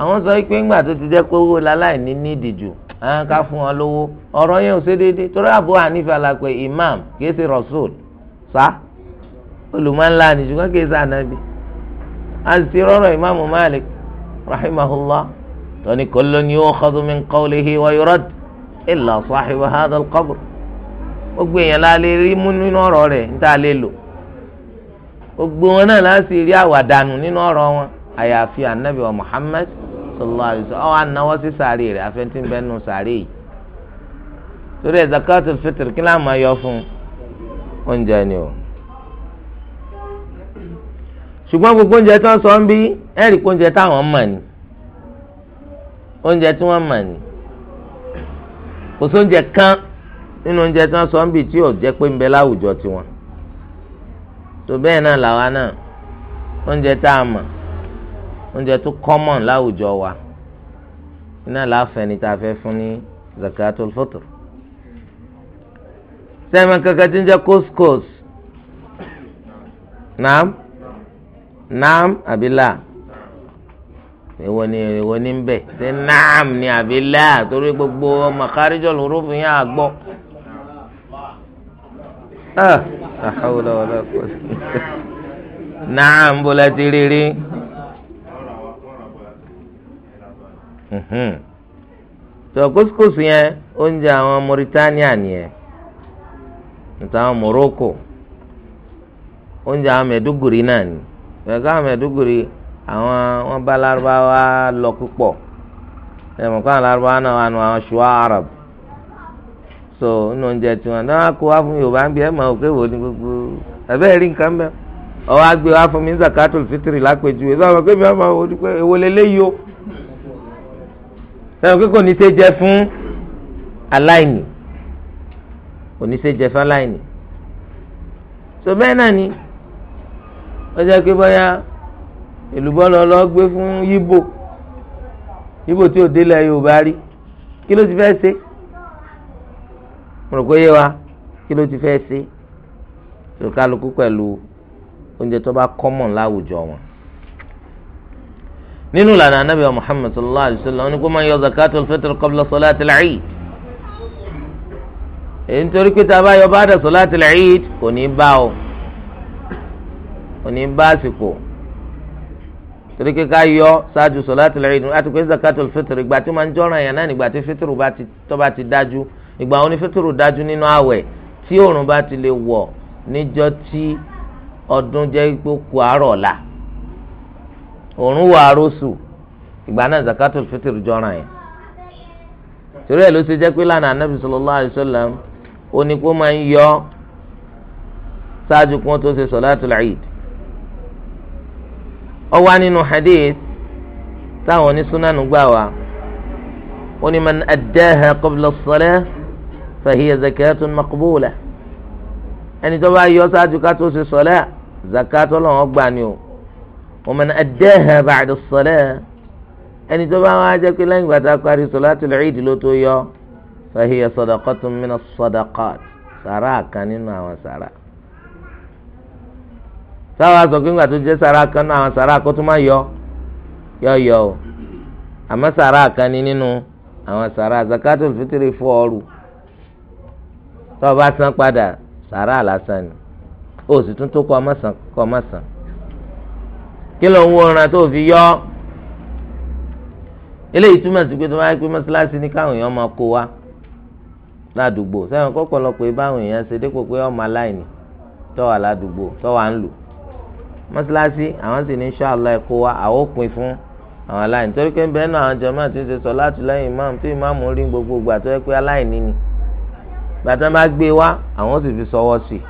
àwọn sọ pé ńgbà tó ti jẹ́ pé owó láláì ní nídìí jù àwọn ká fún wọn lówó ọ̀rọ̀ yẹn ò ṣe déédéé torí Abu Hanifa la pé imam kìí ṣe rasul sá olùmọ̀ńlá ni ṣùgbọ́n kìí ṣe ànábì àti rọrọ imam Malik rahimahullah tóní kullun yu'khadhu min qawlihi wa yurad illa sahibu hadha al-qabr gbogbo èèyàn la lè rí mú nínú ọ̀rọ̀ rẹ̀ níta lè lò gbogbo wọn náà láti rí àwàdànù nínú ọ̀rọ̀ wọn àyàfi ànábì wa Muhammad sallallahu alaihi wasallam ọ anáwó sí sàárè rẹ̀ àfẹntí bẹnu sàárè yìí torí ẹ zakatul fitr kí láàmú ayọ fún oúnjẹ ni o ṣùgbọ́n gbogbo oúnjẹ tí wọ́n sọ ń bí ẹ̀rì kó oúnjẹ táwọn mọ̀ ni oúnjẹ tí wọ́n mọ̀ ni kò sóúnjẹ kan nínú oúnjẹ tí wọ́n sọ ń bí tí ò jẹ́ pé ń bẹ láwùjọ tiwọn tó bẹ́ẹ̀ náà làwa náà oúnjẹ tá mọ̀ oúnjẹ tó common láwùjọ wa iná láàfin ni tá a fẹ́ fún ní zakatul fitr sẹ́mi kankan tí ń jẹ́ couscous naam naam àbílà èwo ni èwo ni ń bẹ̀ ṣé naam ni àbílà torí gbogbo makarijọ lóró fi hàn àgbọ̀ ah, naam bó la ti rí rí. tó hmm. kúskúsù yẹn oúnjẹ àwọn Mauritania nìyẹn nítawọn Morocco oúnjẹ àwọn Mẹdúgùrì náà ni àwọn Mẹdúgùrì àwọn wọn bá lọ púpọ̀ ẹ̀mọ̀ kọ́ náà wà nù àwọn Arab so nínú oúnjẹ tiwọn náà kó wá fún Yorùbá ń bí gbogbo rí nǹkan wá fún mi ní zakatul o. sẹ́wọ̀n kíkò ní ṣe jẹ fún aláìní kò ní ṣe jẹ fún aláìní so bẹ́ẹ̀ náà ni ó jẹ́ pé bóyá èlùbọ́lọ́ lọ gbé fún yíbò yíbò tí ò délẹ̀ yorùbá rí kí ló ti fẹ́ ṣe mo pé yé wa kí ló ti fẹ́ ṣe so kálukú pẹ̀lú oúnjẹ tó bá kọ́mọ̀ láwùjọ wọn nínú ìlànà anabi wa muhammad sallallahu alayhi wa sallam wọn ni kó máa yọ zakatul fitr qabla salatil eid èyí nítorí pé tá a bá yọ bá dà salatil eid kò ní bá o kò ní bá àsìkò torí pé ká yọ ṣáájú salatil eid àti pé zakatul fitr ìgbà tí ó máa ń jọ́ràn yẹn náà nígbà tí fitr ti dájú ìgbà wọn fitr dájú nínú àwẹ̀ tí òòrùn bá ti lè wọ̀ níjọ́ tí ọdún jẹ́ pé kò la òórùn wà arósù ìgbà náà zakatul fitr jọra yẹn torí ẹ̀ ló ti jẹ́ pé lánàá anabi sallallahu alayhi wa sallam ó ní kó máa ń yọ ṣáájú kí wọ́n tó ṣe salatul eid ó wà nínú hadith táwọn onísúnánù gbà wá ó ní man addaha qabla as-salah fahiya zakatun ẹni tó bá yọ ṣáájú ká tó ṣe sọlá zakatun lọ́wọ́ ni o. ومن أداها بعد الصلاة ẹni tó bá wá jẹ́ pé lẹ́yìn ìgbà tá a parí sọláàtúl Eid ló tó yọ fahiya sadaqatun minas sadaqat sàrà kan nínú àwọn sàrà. sáwà sọ pé ńgbà tó jẹ́ sàrà kan nínú àwọn sàrà kó tó má yọ yọ yọ o àmọ́ sàrà kan ní nínú àwọn sàrà zakatul fitiri fún ọrù tó o bá san padà sàrà lásán ni o sì tún tó kọ́ ọmọ sàn kọ́ ọmọ sàn kí ló ń wo ọ̀ràn tó fi yọ eléyìí túmọ̀ sí pé tó máa ń pé mọ́ṣáláṣí ní káwọn èèyàn máa kó wa ládùúgbò sẹ́wọ̀n kọ́pọ̀lọpọ̀ ìbáwọn èèyàn ṣe dépò pé ọmọ aláìní tọ́wà ládùúgbò tọ́wà ń lù mọ́ṣáláṣí àwọn sì ní ṣáàlọ́ ẹ̀kọ́ wa àwọn òpin fún àwọn aláìní torí pé bẹ́ẹ̀ náà àwọn jàmáà àti ṣe sọ láti lẹ́yìn imam tí imam rí gbogbo ìgbà tó yẹ pé aláìní ni gbàtà bá gbé wa àwọn sì fi sọwọ́ sí i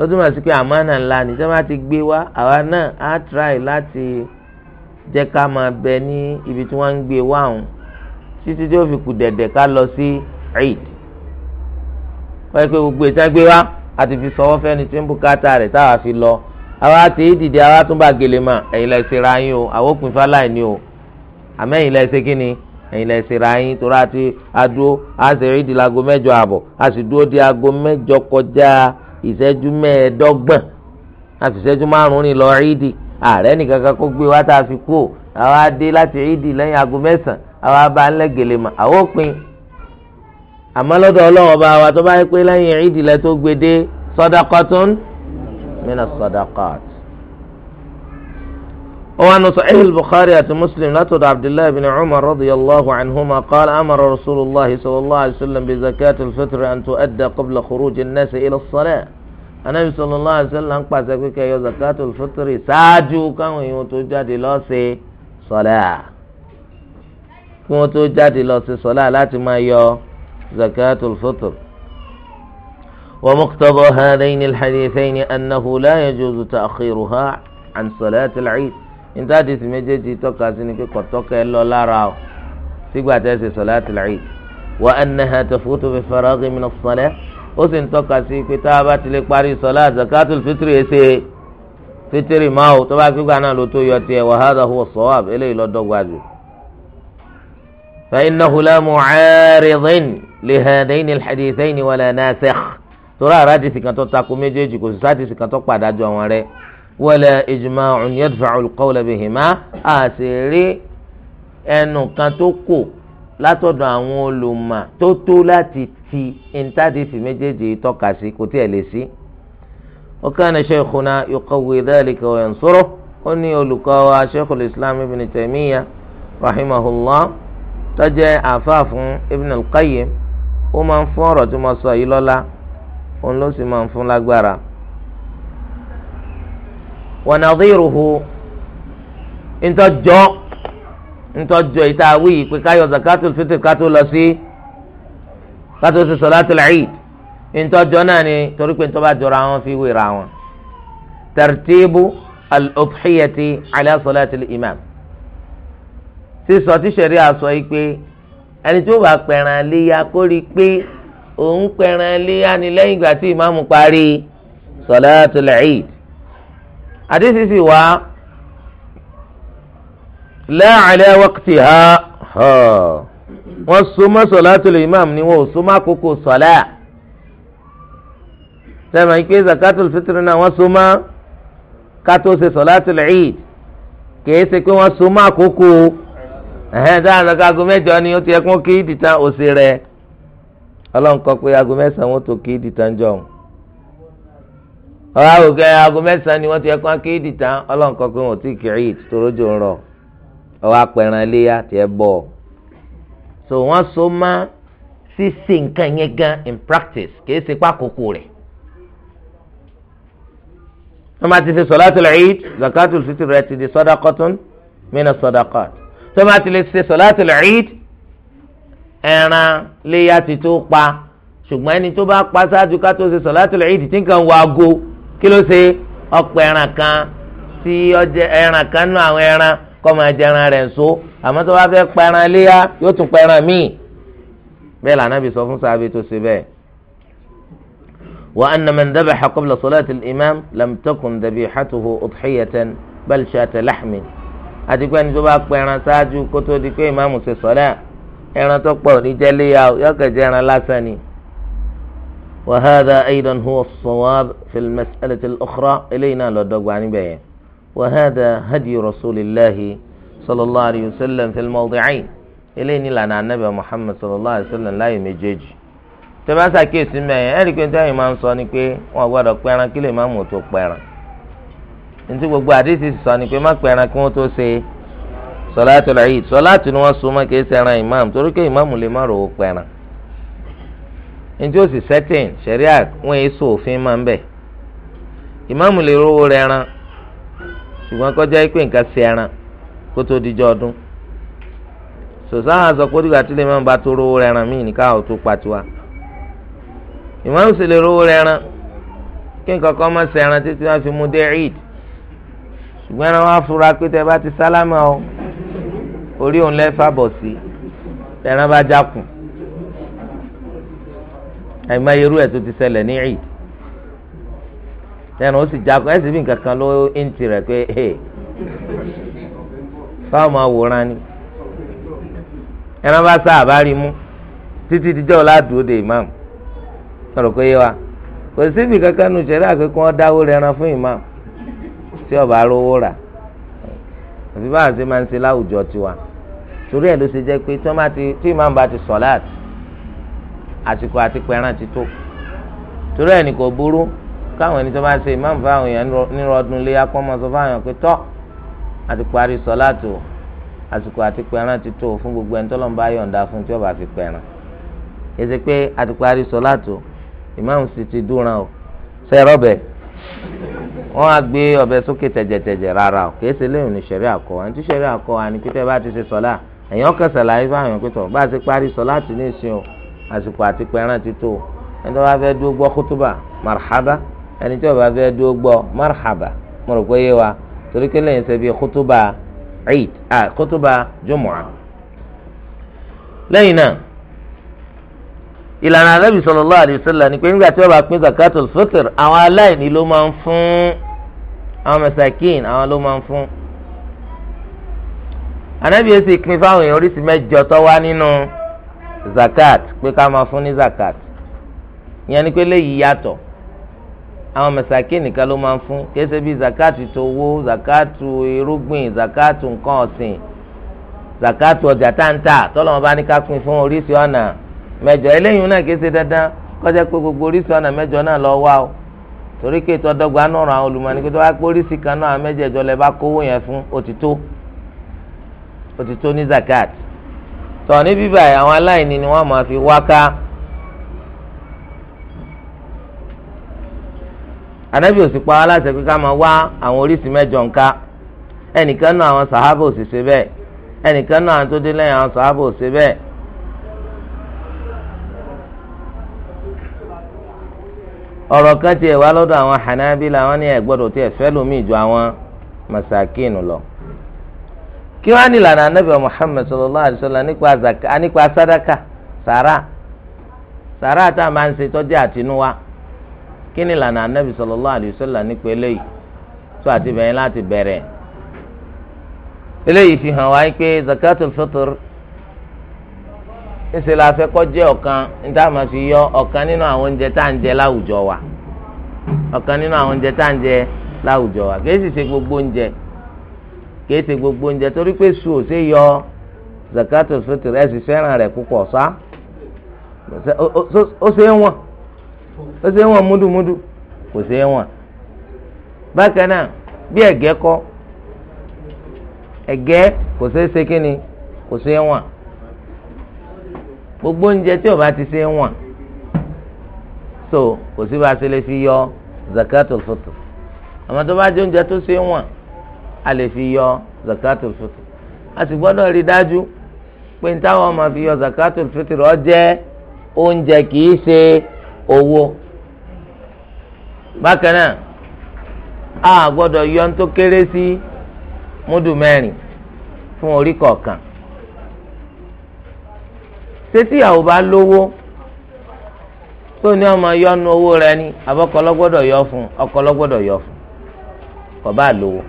ó túmọ̀ sí pé àmánà ńlá ni tí wọ́n bá ti gbé wá àwa náà á try láti jẹ́ ká máa bẹ ní ibi tí wọ́n ń gbé wá ọ̀hún títí tí ó fi kù dẹ̀dẹ̀ ká lọ sí eid wọ́n yẹ pé gbogbo ìtàn gbé wá àti fi sọ́wọ́ fẹ́ni tí ń bùkátà rẹ̀ táwa fi lọ àwa ti dìde àwa tún bá gèlè mà ẹ̀yin lẹ́sẹ̀ ra yín o àwọn òpin fáláì ni o àmẹ́yìn lẹ́sẹ̀ kí ni ẹ̀yin lẹ́sẹ̀ ra yín torí àti adúró àti eid lago mẹ́jọ àbọ̀ a sì dúró di ago mẹ́jọ kọjá ìṣẹ́jú mẹ́ẹ̀ẹ́dọ́gbọ̀n àti ìṣẹ́jú márùn-ún ni lọ rídì ààrẹ nìkan kan kó gbé wá tá a fi kú ò àwa dé láti rídì lẹ́yìn aago mẹ́sàn-án àwa bá ń lẹ́gẹ̀lẹ́ mọ́ àwọn òpin àmọ́ lọ́dọ̀ ọlọ́wọ́ bá wa tó bá yẹ pé lẹ́yìn rídì lẹ́ tó gbé dé sadaqatun min as وعن صحيح البخاري مسلم لا تدع عبد الله بن عمر رضي الله عنهما قال أمر رسول الله صلى الله عليه وسلم بزكاة الفطر أن تؤدى قبل خروج الناس إلى الصلاة anabi sallallahu alaihi wasallam ń pàṣẹ pé kẹ́ yọ zakatul fitri ṣáájú káwọn èèyàn tó jáde lọ sí sọlá kí wọ́n tó jáde lọ sí sọlá láti máa yọ zakatul fitri. ومقتضى هذين الحديثين أنه لا يجوز تأخيرها عن صلاة العيد انت حديث مجيجي توكا سنكي قطوكا إلا لا راو سيقوا صلاة العيد وأنها تفوت بفراغ من الصلاة ó sì ń tọ́ka sí pé tá a bá ti lè parí sọlá zakatul fitri ẹsẹ fitiri máa o tó bá gbígbà náà ló tó yọ tiẹ̀ wa hadha huwa sawab eléyìí lọ́dọ́gba jù. fa innahu la mu'aridin li hadaini alhadithaini wala nasikh torí ara ti sìkàn tó takò méjèèjì kò sì sáà ti sìkàn tó pàdájọ àwọn rẹ̀ wala ijma'un yadfa'u alqawla bihima àṣírí ẹnu kan ti intadisi méjèèjì tọ́ka sí kò tí ẹ̀ lè sí. wa kana shaykhuna yuqawwi dhalika wa yansuruh ó ní olùkọ́ wa shaykhul islam ibn taymiya rahimahullah tó jẹ́ àáfàá fún ibn al-qayyim ó máa ń fún ọ̀rọ̀ tí mo sọ yìí lọ́lá òun ló sì máa ń fún lágbára. wa nadhiruhu ntọ́jọ́ ntọ́jọ́ ìta wíyì pé káyọ̀ zakatul fitr ká lọ sí. Si, kátó ṣe sọlátul Eid ntọ́jọ́ náà ni torí pé ntọ́ bá jọra wọn fi wéra wọn tartibu al-udhiyati ala salatil imam sísọ tí sẹ̀rí àsọ yìí pé ẹni tí ó bá pẹ̀ràn léyà kó rí i pé òun pẹ̀ràn léyà ni lẹ́yìn ìgbà tí ìmáàmù parí sọlátul Eid àdìsí sì wá la ala waqtiha. wọ́n so sọlá sọ̀láàtò lè imam ni wọn ò so mọ́ àkókò sọlá sẹ́mi àyíké zakatul fitiri náà wọn so kátó ṣe sọ̀láàtò lè Eid kìí ṣe pé wọ́n so àkókò ẹ̀hẹ́n dáhùn ni ó ti ẹkún kí dìtàn òsè rẹ̀ kọ pé án tó kí dìtàn án ni ti ẹkún kí dìtàn kọ pé ò tí kì í so wọ́n so mọ́ ṣíṣe nǹkan yẹn gan in practice kìí ṣe pákòkò rẹ̀ wọ́n máa ti ṣe sọ̀láàtì lẹ́yìn zakatu fitr rẹ̀ ti di sọ́dákọ́tún mina sọ́dákọ́t tó máa ti lè ṣe sọ̀láàtì lẹ́yìn ẹran léyà ti tó pa ṣùgbọ́n ẹni tó bá pa ṣáájú ká tó se, sọ̀láàtì lẹ́yìn tí nǹkan wọ aago kí ló ṣe ọ̀pọ̀ ẹran kan tí ẹran kan nú àwọn ẹran kọ́ máa jẹran rẹ̀ ńso àmọ́ tó bá fẹ́ pẹran léyà yóò tún pẹran míì bẹ́ẹ̀ lànàbì sọ fún sàbẹ̀ tó ṣe bẹ́ẹ̀. وأن من ذبح قبل صلاة الإمام لم تكن ذبيحته أضحية بل شاة لحم àti pé ẹni tó bá pẹ ẹran ṣáájú kó tó di pé ìmáàmù ṣe sọlá ẹran tó pọ̀ ní jẹ́léyà yọkẹ̀jẹ̀ ẹran lásán ni. وهذا أيضا هو الصواب في المسألة الأخرى eléyìí náà lọ́dọ́gba níbẹ̀ yẹn. وهذا هدي رسول الله صلى الله عليه وسلم في الموضعين sallallahu alayhi wa sallam láyé méjèèjì tẹ́lẹ̀ bá ṣàkíyèsí mẹ́yìn ẹ̀rí pé táyì máa ń sọ ni pé wọ́n gbọ́dọ̀ pẹran kí lè má imam tó pẹran ntí gbogbo àdéhìí so mọ́ kìí ṣẹran imam torí imam lè má ròó pẹran ṣùgbọ́n kọjá pé nǹkan ṣe ẹran kó tó dijọ́ ọdún sòsáhà sọ pé dìgbà tí lè máa bá tó rówó rẹran míì ní káwọn tó pa tiwa ìmáàmù sì lè rówó rẹran kí nǹkan kan máa ṣe ẹran títí wọn fi mú dé eid ṣùgbọ́n ẹran wá fura pé tẹ bá ti sálámà o orí òun lẹ́fà bọ̀ sí ẹran bá jákùn àìmọye irú ẹ̀ tó ti ṣẹlẹ̀ ní eid tẹnu ó sì jagun ẹsẹ bí nǹkan ló ń tirẹ pé ee fáwọn máa ni ẹran bá sá àbárí mú títí tíjọ́ ládùúgbò imam sọ̀rọ̀ pé yé wa kankan nu ṣẹlẹ̀ kwan wọn dáwó rẹran fún imam tí ọba rówó rà àfi báwọn ṣe máa ń ṣe láwùjọ tiwa torí ẹ̀ ló ṣe jẹ́ pé tí imam bá ti sọ̀láàtì àsìkò àti pẹ̀ràn ti tó torí ní kò burú. káwọn ẹni tó bá ṣe ìmáàmù fáwọn èèyàn nírọ̀ ọdún léyà kọ́ mọ́ sọ fáwọn èèyàn pé tọ́ àti parí sọ́láàtù àsìkò àti pẹ̀ràn ti tó fún gbogbo ẹni tọ́lọ́n bá yọ̀ǹda fún tí ó bá fi pẹ̀ràn èsì pé àti parí sọ́láàtù ìmáàmù sì ti dúnra o sẹ́rọ̀ bẹ̀ wọ́n á gbé ọ̀bẹ sókè tẹ̀jẹ̀tẹ̀jẹ̀ rárá o kìí ṣe léyìn ní sẹ̀rí àkọ́ ẹni tí sẹ̀rí àkọ́ àní pété bá ti ṣe sọ́lá èèyàn kẹsàlá yìí fáwọn èèyàn pété bá ti parí sọ́láàtù ní ìsìn o àsìkò àti pẹ̀ràn ti tó ẹni tó bá fẹ́ dúró gbọ́ kútúbà marhaba ẹni tí wọ́n bá fẹ́ dúró gbọ́ marhaba mo rò pé yé wa torí pé lẹ́yìn sẹ́bi kútúbà eid ah kútúbà jumu'a lẹ́yìn náà ìlànà anábì sallallahu alaihi wasallam ni pé nígbà tí wọ́n bá pín zakatul fitr àwọn aláìní ló máa ń fún àwọn masakin àwọn ló máa ń fún. anábì yẹn sì pín fáwọn èèyàn oríṣi mẹ́jọ tó wá nínú zakat pé ká máa fún ní zakat ìyẹn ni pé léyìí yàtọ̀ àwọn mẹsàkì nìkan ló máa ń fún kése bíi zakatu towó zakatu irúgbìn zakatu nǹkan ọ̀sìn zakatu ọjà táǹtà tọ́lọ́mọ bá ní ká pín fún oríṣi ọ̀nà mẹ́jọ eléyìí náà kése dandan kọjá pé gbogbo oríṣi ọ̀nà mẹ́jọ náà lọ wá o torí pé tọ́dọ́gba náà ràn àwọn olùmọ̀ọ́ni pé tó bá pé oríṣi kan náà mẹ́jẹ̀ẹ̀jọ lẹ bá kówó yẹn fún òtítọ́ òtítọ́ ní zakat tọ́ ní bíbáyìí àwọn aláìní ni wọ́n máa fi wáká anabi òsì pa aláṣẹ pé ká máa wá àwọn oríṣi mẹ́jọ nǹka ẹnìkan náà àwọn sàhábà òsì ṣe bẹ́ẹ̀ ẹnìkan náà tó dé lẹ́yìn àwọn sàhábà òsì ṣe bẹ́ẹ̀. ọ̀rọ̀ kan tiẹ̀ wá lọ́dọ̀ àwọn hanabila wọn ní ẹ̀ gbọ́dọ̀ tiẹ̀ fẹ́ lómi ìjọ àwọn masakin lọ. kí wọ́n á anabi muhammed sallallahu alayhi wa sallam nípa zaka nípa sadaka sàrà sàrà ta a máa ń ṣe tọ́jú kí ni lànà anabi sallallahu alaihi wasallam nípa eléyìí tó àti bẹ̀yẹn láti bẹ̀rẹ̀ eléyìí fi hàn wáyé pé zakatul fitr ńṣe la fẹ́ kó jẹ́ ọ̀kan níta máa fi yọ ọ̀kan nínú àwọn oúnjẹ tá à ń jẹ láwùjọ wa ọ̀kan nínú àwọn oúnjẹ tá à ń jẹ láwùjọ wa kì sì ṣe gbogbo oúnjẹ kì ṣe gbogbo oúnjẹ torí pé sùn ò ṣe yọ zakatul fitr ẹ sì fẹ́ràn rẹ̀ sá ó ṣe ń wọ̀n ó ṣe é wọ̀n múdùmúdù kò ṣe é wọ̀n bákan náà bí ẹ̀gẹ́ kọ́ ẹ̀gẹ́ kò ṣe é ṣe kí ni kò ṣe é wọ̀n gbogbo oúnjẹ tí ó ti ṣe é wọ̀n so kò sí bá a ṣe lè fi yọ zakatul fitr àmọ́ tó bá jẹ oúnjẹ tó ṣe é wọ̀n a lè fi yọ zakatul fitr a sì gbọ́dọ̀ rí dájú pé ní táwọn máa fi yọ zakatul fitr ọ jẹ́ oúnjẹ kì í ṣe. owó bákan náà a gbọdọ yọ ní tó kéré sí múdù mẹ́rin fún orí kọ̀ọ̀kan sétíyàwó bá lówó tó ní ọmọ yọnu owó rẹ̀ ni àbọ̀kọ́lọ́ gbọdọ yọ fún ọkọlọ gbọdọ yọ fún kò bá lówó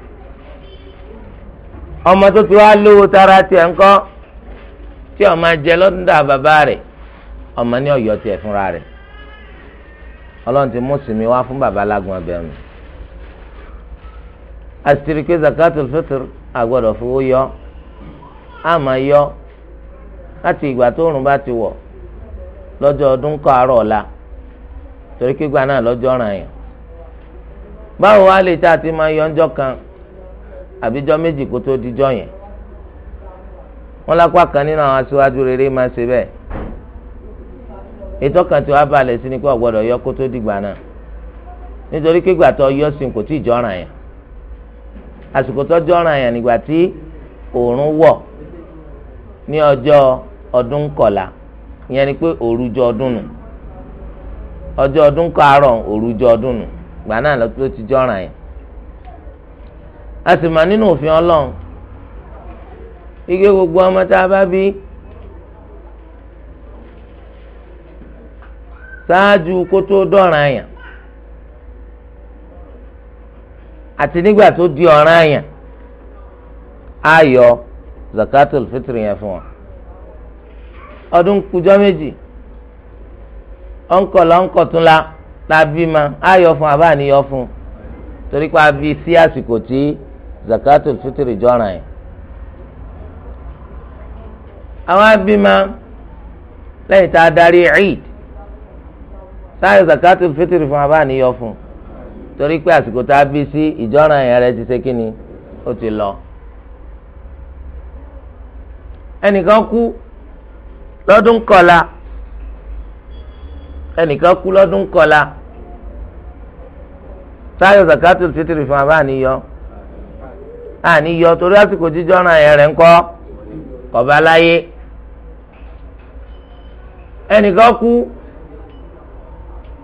ọmọ tó ti wá lówó tara tiẹ̀ ńkọ́ tí ọmọ jẹ lọ́dún dà bàbá rẹ̀ ọmọ ní ọ̀yọ́ tiẹ̀ fúnra rẹ̀. ọlọ́run ti mú wá fún Babalágun alágun abẹ́rùn zakatul fitr agbọ́dọ̀ fowó yọ àmọ́ yọ láti ìgbà tóòrùn bá ti wọ̀ lọ́jọ́ ọdún kọ́ ọ̀la torí kígbà náà lọ́jọ́ ràn yàn báwo wá lè tá a ti máa yọ kan àbíjọ́ méjì kó tó dijọ́ yẹn wọ́n lápá kan rere máa ṣe ètò kan tí wàá balẹ̀ sí ni pé ọ̀gbọ́dọ̀ yọ kó tó dìgbà náà nítorí pé gbàtọ́ yọ sin kò tí ì jọ́ràn yẹn àsìkò tó jọ́ràn yẹn nígbà tí òòrùn wọ̀ ní ọjọ́ ọdún kọ̀la ìyẹn ni pé òrùjọ ọdún nù ọjọ́ ọdún karọ̀ òrùjọ ọdún nù gbà náà ló ti jọ́ràn yẹn a sì mà nínú òfin ọlọ́run igi gbogbo ọmọ tá a bá bí. ṣáájú kó tó dọ̀ràn àyàn àti nígbà tó di ọ̀ràn àyàn á zakatul fitri yẹn fún wọn ọdún kùjọ méjì ọ̀nkọ̀lọ̀ ọ̀nkọ̀túnla la bí ma á yọ fún àbá àníyọ fún torí pé a bí sí àsìkò tí zakatul fitri jọ̀ràn yẹn àwọn abima lẹ́yìn tá a darí eid sáyẹn zakatul fitiri fún abá níyọ fún torí pé àsìkò tá a bí sí ìjọràn yẹn rẹ ti ṣe kí ni ó ti lọ. ẹnìkan kú lọ́dún kọlá ẹnìkan kú lọ́dún kọlá sáyẹn zakatul fitiri fún abá níyọ àníyọ torí àsìkò jíjọràn yẹn rẹ ńkọ́ kọba láyé ẹnìkan kú.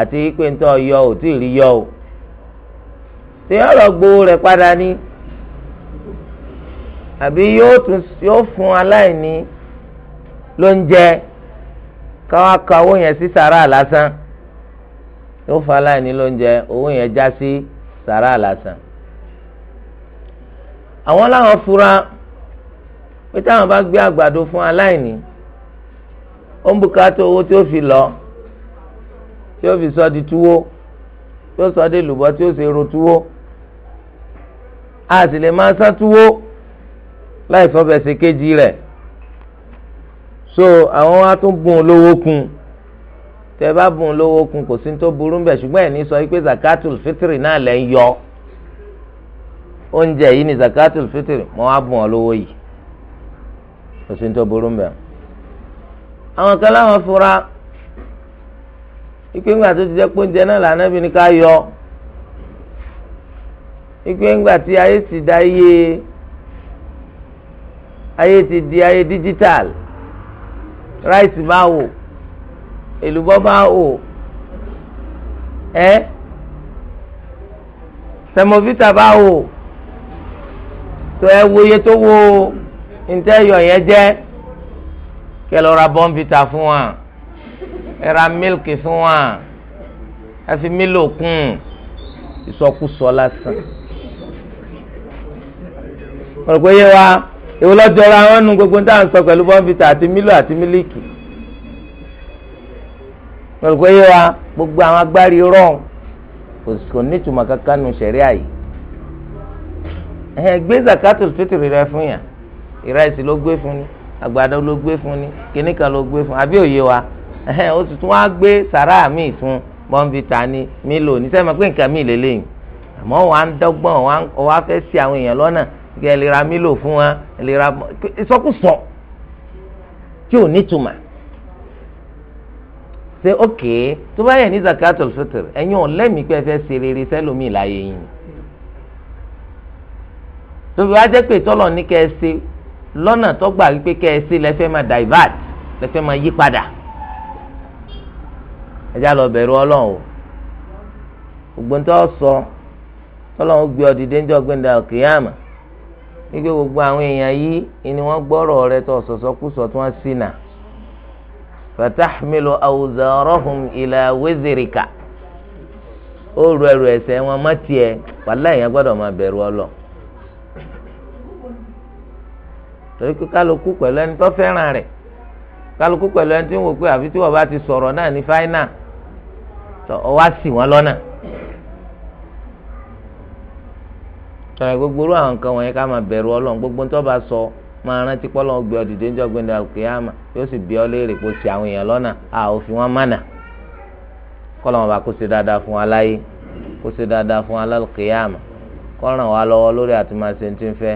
àti pé ń tọ́ yọ ò tí ì rí yọ o ṣé ọ gbowó rẹ padà ní àbí yóò tún yóò fún aláìní ló ń jẹ káwá ka owó yẹn sí sàrà lásán yóò fún aláìní ló ń jẹ owó yẹn já sí sàrà lásán àwọn làwọn fura pé táwọn bá gbé àgbàdo fún aláìní ó ń bùkátà owó tí ó fi lọ. tí ó fi sọ di túwó tí ó sọ di lùbọ́ tí ó sì ro túwó a sì lè máa sá túwó láì fọbẹ̀ sí kejì rẹ̀ so àwọn wa tún bùn lówó kun tẹ bá bùn lówó kun kò sí tó burú bẹ̀ ṣùgbọ́n ẹ̀ ní sọ pé zakatul fitri náà lẹ́ ń yọ oúnjẹ yìí ni zakatul fitri mọ́ wá bùn ọ lówó yìí kò sí tó burú bẹ̀ àwọn kan láwọn fura ikú ńgbà tó ti jẹ́ pé oúnjẹ náà lànà bí ni ká yọ ikú ńgbà tí ayé ti da iye ayé ti di ayé digital ráìsì máa wò èlùbọ́ máa wò ẹ́ sẹmọ́fítà bá wò tó ẹ wo iye tó wo ntẹ́ yọ̀ yẹn jẹ́ kẹlọ́ra bọ́ǹbìtà fún wa ẹ ra mílìkì fún wa ẹ fi mílò kún ìsọkúsọ lásán mo rò pé yé wa èwo lọ́jọ́ ra wọn nu gbogbo ní táwọn sọ pẹ̀lú bọ́ǹfìtà àti mílò àti mílìkì mo rò pé yé wa gbogbo àwọn agbárí rọ̀ kò nítumọ̀ kankan nu sẹ̀ríà yìí ẹ̀hẹ́n gbé zakatul fitiri rẹ fún yàn ìrẹsì ló gbé fún ni àgbàdo ló gbé fún ni kìnnìkan ló gbé fún àbí òye wa ẹ̀hẹ́n ó sì tún wá gbé sàrà míì fún bọ́ǹfìtà ni mílò ní sẹ́mi pé nǹkan míì lélẹ́yìn àmọ́ wà á ń dọ́gbọ́n wà á fẹ́ sí àwọn èèyàn lọ́nà kí ẹ lè ra mílò fún wa ẹ lè ra ìsọkúsọ tí ò nítumà ṣe ókè tó bá yẹ ní zakatul fitr ẹ̀yin ò lẹ́mìí pé ẹ fẹ́ ṣe rere sẹ́lómi láyé yín ni tóbi wá jẹ́ pé tọ́lọ̀ ní kẹ́ ẹ ṣe lọ́nà tó gbà wípé kẹ́ ẹ ṣe lẹ́fẹ́ máa divert lẹ́fẹ́ máa yí padà. ẹjá lọ bẹ̀rù ọlọ́run o gbogbo ya sọ tọ́lọ́run gbé ọdìdé ńjọ́ gbẹ̀ndà kìyàmà wípé gbogbo àwọn èèyàn yìí ni wọ́n gbọ́rọ̀ rẹ tó sọ̀sọ́kúsọ tí wọ́n sì nà fatahmilu awuzarahum ila wezirika ó ru ẹrù ẹ̀ṣẹ̀ wọn má tiẹ̀ wàhálà èèyàn gbọ́dọ̀ máa bẹ̀rù ọlọ́run torí pé kálukú pẹ̀lú ẹni tó fẹ́ràn rẹ̀ kálukú pẹ̀lú ẹni tí ń wò pé àfi tí bá ti náà ní fáínà. tọ ọ wá ṣì wọ́n lọ́nà tọrọ gbogbo irú àwọn nǹkan wọ̀nyẹn ká máa bẹ̀rù Ọlọ́run gbogbo ń tọ́ba sọ máa rántí pọ́lọ́ gbé ọdìdé ńjọ́ gbé ndà òkè àmà yóò sì bí ọ léèrè kó ṣì àwọn èèyàn lọ́nà a ò fi wọ́n mánà kọ́lọ́ wọn bá kó ṣe dáadáa fún wa láyé kó ṣe dáadáa fún wa lálùkè àmà kó ràn wá lọ́wọ́ lórí àti máa ṣe ti ń fẹ́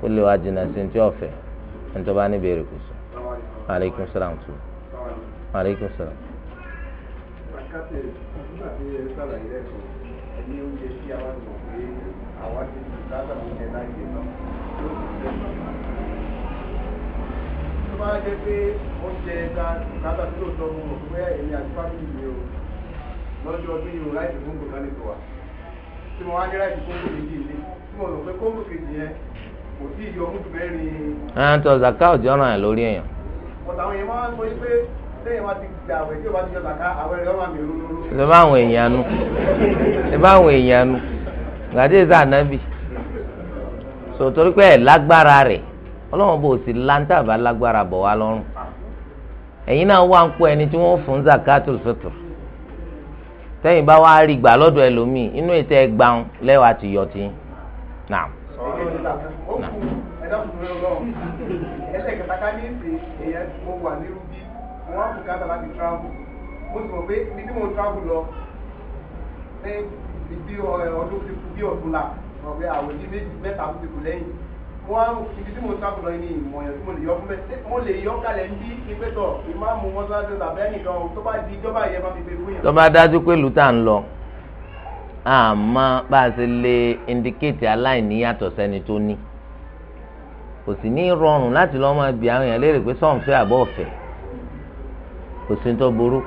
kó lè wá jìnnà ṣe ti ọ̀fẹ́ ẹni tó tu aleykum salaam nígbà tí ẹ sàlàyé lẹ́kọ̀ọ́ ẹ ní oúnjẹ tí àwa ti mọ̀ pé àwa ti ti dábàá oúnjẹ láyé náà tó ti tẹ̀. tó bá jẹ́ pé oúnjẹ ta lábàá tí lóòótọ́ mo mọ̀ pé èmi àti fámìlì mi o lọ́jọ́ ọdún yìí o láìsí kóńgò kan nìkan wa tí mo wá ní láìsí kóńgò méjì ilé tí mo lọ pé kóńgò kejì yẹn kò tí ì yọ ọmúdùmẹ́rin. ẹ̀ ń tọ́ zaka òjò ẹ̀ lórí èèyàn. ọ̀tàwọn yẹn máa ń sọ pé ṣe bá èèyàn nu ṣe bá èèyàn nu gàdé ìzá ànábì sòtòrí pé ẹ̀ lágbára rẹ̀ ọlọ́run bò sí láńtàbà lágbára bọ̀ wá lọ́rùn ẹ̀yin náà wà ń pọ̀ ẹni tí wọ́n fún zakatul tẹ́yìn bá wá rí gbà lọ́dọ̀ inú ètò mo wá bùkátà láti travel mo sì mọ̀ pé ibi tí mo travel lọ pé ibi eh, ọdún ti kú bí ọ̀túnla mọ̀ pé àwẹ̀ bíi méjì mẹ́ta tó ti kù lẹ́yìn mo wá ibi tí mo travel lọ ní ìmọ̀ yẹn tí mo lè yọ fún bẹ́ẹ̀ mo lè yọ kalẹ̀ ní ìpẹ́tọ̀ ìmáàmù mọ́sálásí tàbí ẹnìkan tó bá di ìjọba yẹn bá mi pé fún tó bá dájú pé lùtà ń lọ àmọ́ bá a ṣe lè indicate aláìní yàtọ̀ sẹ́ni tó ní kò sì ní rọrùn láti lọ́ọ́ máa gbé àwọn èèyàn léèrè pé sọ́ǹfẹ́ àbọ̀ ọ̀fẹ́ kò burú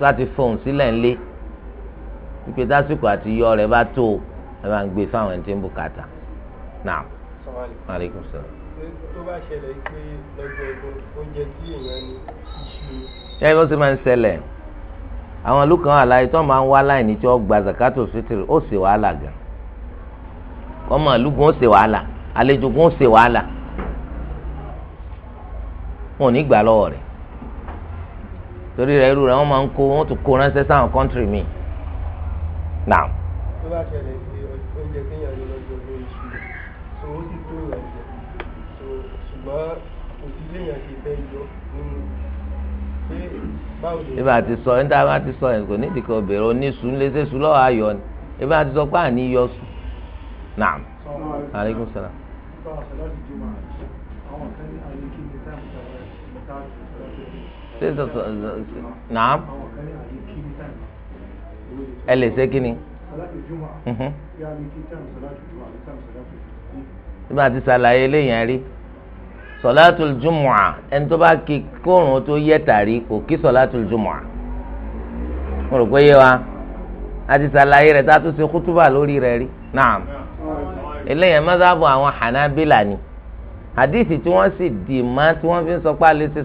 láti fóun sílẹ̀ ńlé pípé tásìkò àti yọ rẹ̀ bá tó o ẹ máa ń gbé fáwọn ẹni tí ń bùkátà náà maaleykum salaam. tó bá ṣẹlẹ̀ pé lọ́jọ́ ìbò oúnjẹ tí èèyàn ní iṣu. ṣé bó ṣe máa ń ṣẹlẹ̀ àwọn ìlú àlàyé tó máa ń wá láìní tí wọ́n gba zakato fitiri ó ṣe wàhálà gan ọmọ ìlúgun ó ṣe wàhálà àlejò gun ó ṣe wàhálà wọn ò ní gbà lọ́wọ́ rẹ̀ torí rẹ̀ irú rẹ̀ wọ́n máa ń kó wọ́n tún kó ránṣẹ́ sáwọn kọ́ńtìrì mi. nà. tó bá ṣẹlẹ̀ sí oúnjẹ kéèyàn ló lọ́jọ́ lórí iṣu tó ó sì tó yàn jẹ tó ṣùgbọ́n òṣìṣẹ́ ti sọ níta bá ti sọ ẹ̀kọ́ nídìí kan bèrè oníṣu ńlẹ́sẹ̀ṣu lọ́wọ́ ayọ̀ ni ibà ti sọ pé àní yọ sùn. nà. aleykum salaam ṣé tọ̀tọ̀ nàám ẹ lè ṣe kí ni. nígbà mhm. tí sàlàyé eléyàn rí sọláàtúl jùmùà ẹni tó bá kí kóòrùn tó yẹ tàrí kò kí sọláàtúl jùmùà mo rò pé yé wa a ti sàlàyé tá a tún ṣe kútúbà lórí rẹ̀ rí nàám eléyàn mọ́sáàbù àwọn hànábìlà ni hadith tí wọ́n sì dì má tí wọ́n fi ń sọ pé a lè ṣe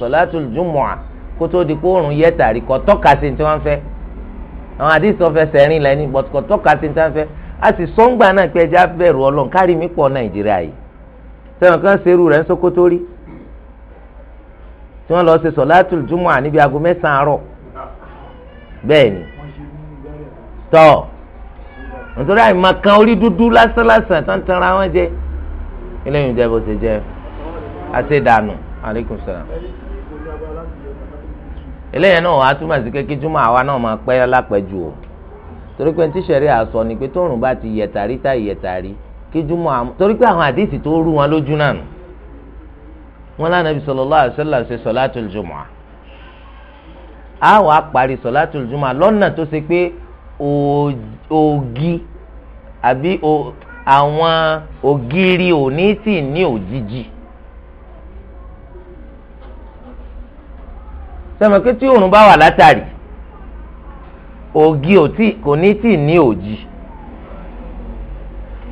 sọ̀látùl jùmọ̀à kó tó di kó òrùn yẹ tàrí kọ́ tọ́ka sí tí wọ́n fẹ́ àwọn hadith tó fẹ́ sẹ́rìn lẹ́ni but kọ́ tọ́ka sí tí wọ́n fẹ́ a sì sọ́ngbà náà pé ẹja bẹ̀rù ọlọ́run kárí mi pọ̀ nàìjíríà yìí sẹ́wọ̀n kan ṣerú rẹ̀ ń Sókótó rí tí wọ́n lọ ṣe sọ̀látùl jùmọ̀à níbi aago mẹ́sàn-án àárọ̀ bẹ́ẹ̀ ni tọ́ nítorí àìmọ̀kan orí dúdú lásán lásán tó ń tanra wọn jẹ eléyìí jẹ́ bó ṣe jẹ́ àṣedànù aleykum salaam. eléyìí náà wàá túmọ̀ sí kékeré júmọ̀ àwa náà máa pẹ́ lápẹ́jù o torí pé tí sẹ́rí àsọ ni pé tóòrùn bá ti yẹ̀tàrí tá yẹ̀tàrí kí júmọ̀ àmọ́ torí pé àwọn àdìsí tó rú wọn lójú náà nù wọn lánàá bí sallallahu alaihi wasallam ṣe solatul jumu'ah á wàá parí solatul jumu'ah lọ́nà tó ṣe pé òògì àbí àwọn ògiri òní sì ní òjijì. sẹ́mi pé tí òòrùn bá wà látàrí ògì kò ní tì ní òjì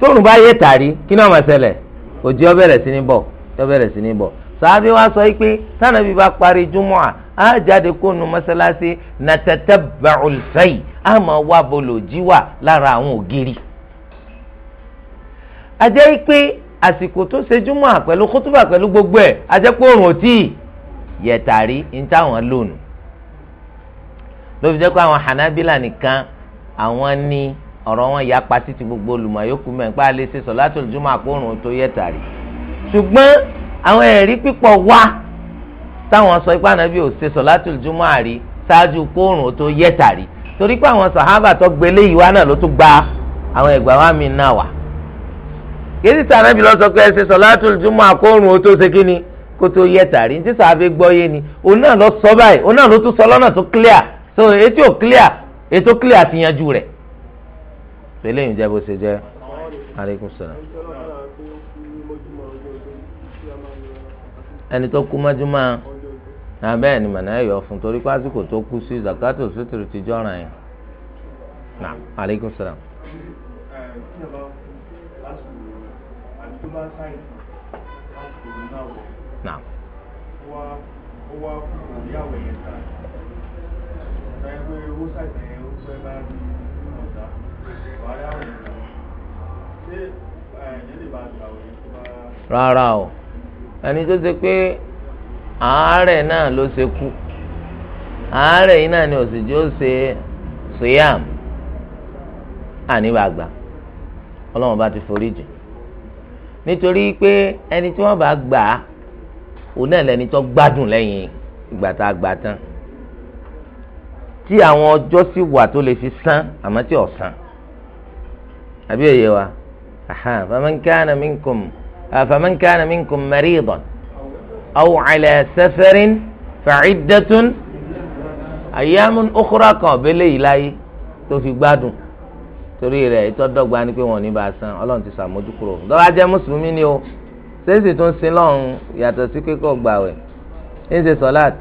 tóòrùn bá yé tàrí kí náà máa ṣẹlẹ̀ òjì ó bẹ̀rẹ̀ sí ní bọ̀ ó sí ní bọ̀ sàbí wa sọ pé tànàbí bá parí júmọ́ à á jáde kó nu mọ́sálásí nàtẹ́tẹ́ bàrùlfẹ́yì á máa wá bolòjì wà lára àwọn ògiri ajẹ́ pé àsìkò tó ṣe júmọ́ pẹ̀lú kótóbà pẹ̀lú gbogbo ẹ̀ ajẹ́ pé òrùn ò tíì yẹ tàrí ní táwọn lónù ló fi jẹ́ pé àwọn hanabila nìkan àwọn ní ọ̀rọ̀ wọn ya pati ti gbogbo olùmọ̀ yòókù mẹ́rin pé a lè ṣe sọ̀látùl júmọ̀ àpòrùn tó yẹ tàrí ṣùgbọ́n àwọn ẹ̀rí pípọ̀ wá táwọn sọ ipá nàbí ò ṣe sọ̀látùl júmọ̀ àrí ṣáájú kóòrùn tó yẹ tàrí torí pé àwọn sàhábà tó gbélé ìwá náà ló tún gba àwọn ẹ̀gbà wa mi náà wà kìí sísè anábì lọ sọ pé ẹ ṣe sọláàtù jùmọ̀ àkóòrùn ó tó ṣe kí ni kó tó yẹ tàrí ní sàbẹ gbọ́ yé ni òun náà lọ sọ báyìí òun náà ló tún sọ lọ́nà tó clear so etí ò clear ètò clear ti yanjú rẹ̀ eléyìí jẹ́ bó ṣe jẹ́ aleykum salaam. ẹni tó kú mọ́júmọ́ abẹ́ẹ̀ ni màná ẹ̀yọ́ fún torí pásíkò tó kú sí zakato sotiri ti jọ́ràn yẹn. aleykum salaam. الله سعيد نعم o ẹni tó ṣe pé àárẹ̀ náà ló ṣe kú àárẹ̀ yìí náà ni ó ṣe ọlọ́run bá nítorí pé ẹni tí wọ́n bá gbà á òun náà lẹni tó gbádùn lẹ́yìn ìgbà tá a gbà tán tí àwọn ọjọ́ sì wà tó lè fi san àmọ́ tí ò san àbí òye wa faman kana minkum faman kana minkum maridan aw ala safarin fa'iddatun kan ọ̀bẹ́lẹ̀ yìí láyé tó fi gbádùn torí rẹ̀ ìtọ́dọ́gba ni pé wọ́n ní bá a san ọlọ́run ti sàmójúkúrò dọ́là jẹ́ mùsùlùmí ni o sẹ́sì tó ń sin lọ́run yàtọ̀ sí kíkọ́ gbàwẹ̀ ń ṣe sọ́láàt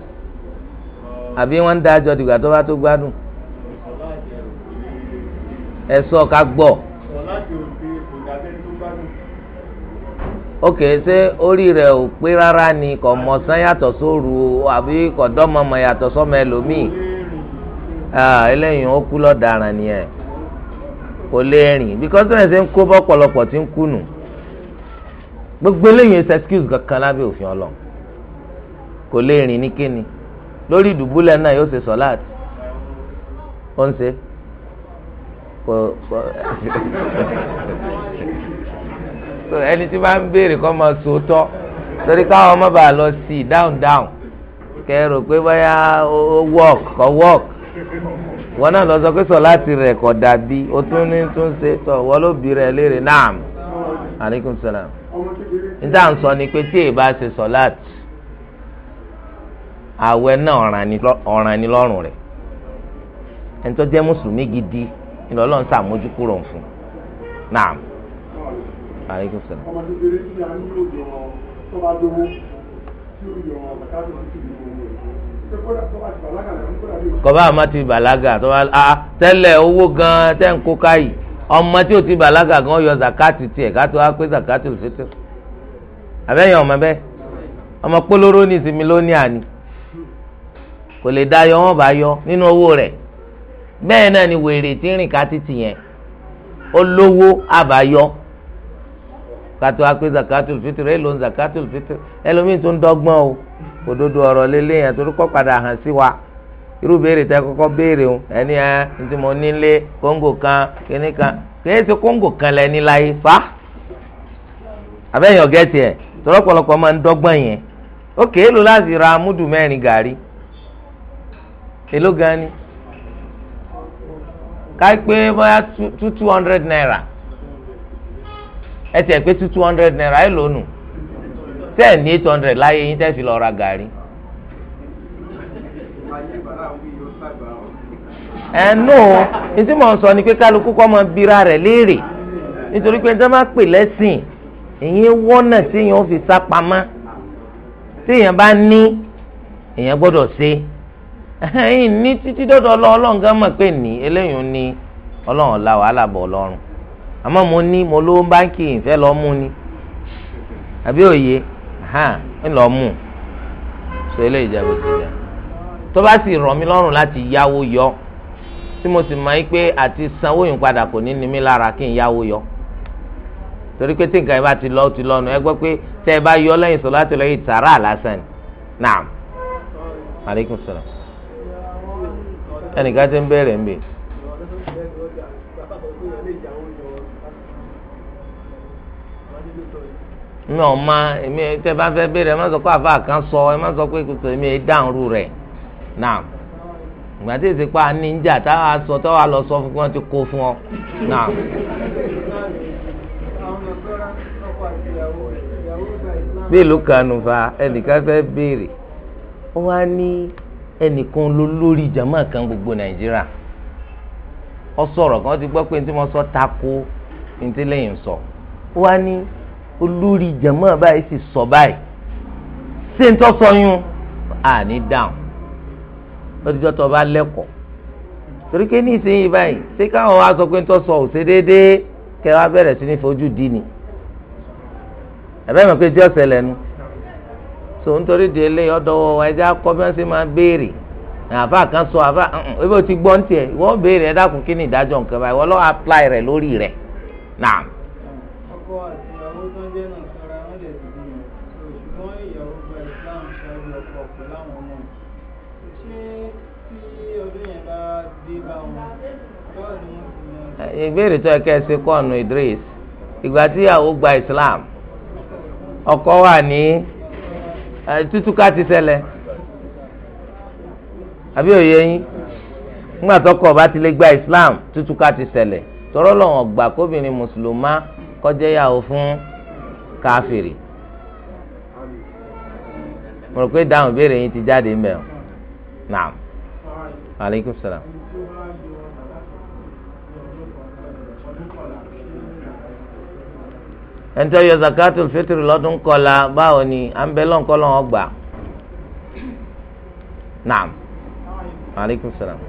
àbí wọ́n ń da àjọ dìgbà tó bá tó gbádùn ẹ̀sọ́ ká gbọ́ ok ṣé orí rẹ̀ ò pé rárá ni kò mọ̀ sán yàtọ̀ sóru àbí kò dọ́mọmọ yàtọ̀ sọ́mọ ẹlòmíì eléyìí ó kú lọ́daràn nìyẹn kò lè rìn because bẹ́ẹ̀ ṣe ń kó bọ́ pọ̀lọpọ̀ tí ń kùnù gbogbo eléyìí ṣe excuse kankan lábẹ́ òfin ọlọ́ kò lè rìn ní kíni lórí ìdùbúlẹ̀ náà yóò ṣe sọ́láàtì ó ń ṣe kò kò ẹni tí bá ń béèrè kọ́ máa so tọ́ torí káwọn ọmọ bá lọ sí down down kẹ́ ẹ rò pé bóyá ó work kọ́ work wọn náà lọ sọ pé sọ láti rẹ kọ dàbí o tún ní tún ṣe tọ wọn ló bí rẹ léèrè naam aleykum salaam níta ń sọ ni pé tí èèbá ṣe sọ láti àwẹ̀ náà ọ̀ràn ni lọ́rùn rẹ̀ ẹni tó jẹ́ mùsùlùmí gidi ni Ọlọ́run ṣàmójúkúrò fún naam aleykum salaam. ọmọ kékeré tí a ń lò jọ tó bá dówó tí ó yọ ọ̀gá káàdùn nínú owó rẹ̀ kọba àmọ́ ti balaga, tó bá a tẹ́lẹ̀ owó gan tẹ́ ń kó káyì ọmọ tí o ti bàlágà gan yọ zakati tiẹ̀ kátó wá pé zakati ló fẹ́tẹ̀ àbẹ́yẹn ọmọ bẹ́ẹ̀ ọmọ polówó ní ìsinmi ló ní àní kò lè dá yọ wọn bá yọ nínú owó rẹ̀ bẹ́ẹ̀ náà ni wèrè tí ń rìn ká títì yẹn olówó àbáyọ kátó wá pé zakati ló fẹ́tẹ̀ ẹ lòun zakati ló fẹ́tẹ̀ ẹ lómi tó ń dọ́gbọ́n o. òdodo ọ̀rọ̀ lélẹ̀ yẹn torí kọ́ padà hàn sí wa irú béèrè tẹ kọ́kọ́ béèrè o ẹni ẹ ntí mo nílé kóńgò kan kíní kan kìí ṣe kóńgò kan lẹ́ni láyé fa abẹ́yẹn ọ̀gẹ́tì ẹ̀ tọ́lọ́pọ̀lọpọ̀ máa ń dọ́gbọ́n yẹn ókè èlò láti ra múdù mẹ́rin gàrí èló gan ni káyí pé bóyá two two hundred naira ẹ tiẹ̀ pé two two hundred naira ẹ tẹ́ ní eight hundred láyé yín tẹ́ fi lọ ra gàrí. ẹnu ìtí ń sọ ni pé kálukú kọ́ bira rẹ̀ léèrè nítorí pé ẹjọ́ máa pè lẹ́sìn èyí wọ́nà tí èèyàn fi sá pamọ́ tí èèyàn bá ní èèyàn gbọ́dọ̀ ṣe ní títí dọ́dọ̀ gan mọ̀ pé ní eléyìí ní ọlọ́run la wàhálà bọ̀ ọlọ́run àmọ́ mo ní ni hàn ńlọ mú sọ eléyìí jẹ bó ti jẹ tó bá sì rọ̀ mí lọ́rùn yọ tí mo sì ma ń pé àti sanwó yìí padà kò ní kin mi yọ torí pé tí nǹkan ti lọ ti lọ nù ẹ gbọ́ pé tẹ́ ẹ bá yọ lẹ́yìn sọ láti lọ yìí tààrà lásán salaam mi ò ma èmi tẹ bá fẹ́ béèrè ẹ má sọ pé àfa kan sọ ẹ má sọ pé kòtò èmi ẹ dáhùn rú rẹ̀ náà ìgbà tí èsì pa níjà táwa sọ táwa lọ sọ fún kí wọ́n ti kó fún ọ náà. bí ìlú kanu fa ẹnìkan fẹ́ béèrè ó wá ní ẹnìkan ló lórí jama kan gbogbo nàìjíríà ó sọ̀rọ̀ kan ti gbọ pé ní tí mo sọ tako ní tí lẹ́yìn sọ ó wá ní. olórí jẹ̀mọ́ báyìí sì sọ báyìí ṣé ń tọ́ sọyún àní dáhùn lọ́dọ̀dọ́ tó bá lẹ́kọ̀ọ́ torí ké ní ìsinyìí báyìí ṣé káwọn wá sọ pé ń tọ́ sọ ò ṣe déédéé kẹ wá bẹ̀rẹ̀ sí ní fojú dì ní àbẹ́mọ̀ pé jẹ́ ọ̀sẹ̀ lẹ́nu tó nítorí di eléyìí ọ̀dọ́wọ́ wa ẹja kọ́ bí wọ́n ṣe máa béèrè àfa kan sọ àfa ebi o ti gbọ́ ń tiẹ̀ wọ́n béèrè ẹ dákun kí ni ìdájọ́ nǹkan báyìí wọ́n lọ́ọ́ apply rẹ̀ lórí rẹ̀ náà. ọkọ àti ìbéèrè tó yẹ kẹ́ ẹ ṣe kọ́ọ̀nù Idris ìgbà gba Islam ọkọ wà ní tútúká ti ṣẹlẹ̀ àbí òye yín nígbà tọkọ ọba ti lè gba Islam tútúká ti ṣẹlẹ̀ tọrọ lọ́wọ́n gbà kóbìnrin mùsùlùmá kọjá ìyàwó fún káfìrì mo rò pé dáhùn ìbéèrè yín ti jáde ń na. ẹnitọ́ yọ zakatul fitiri lọ́dún kọla báwo ni à ń bẹ lọ́nkọ́lọ́ wọn gbà naam aleykum salaam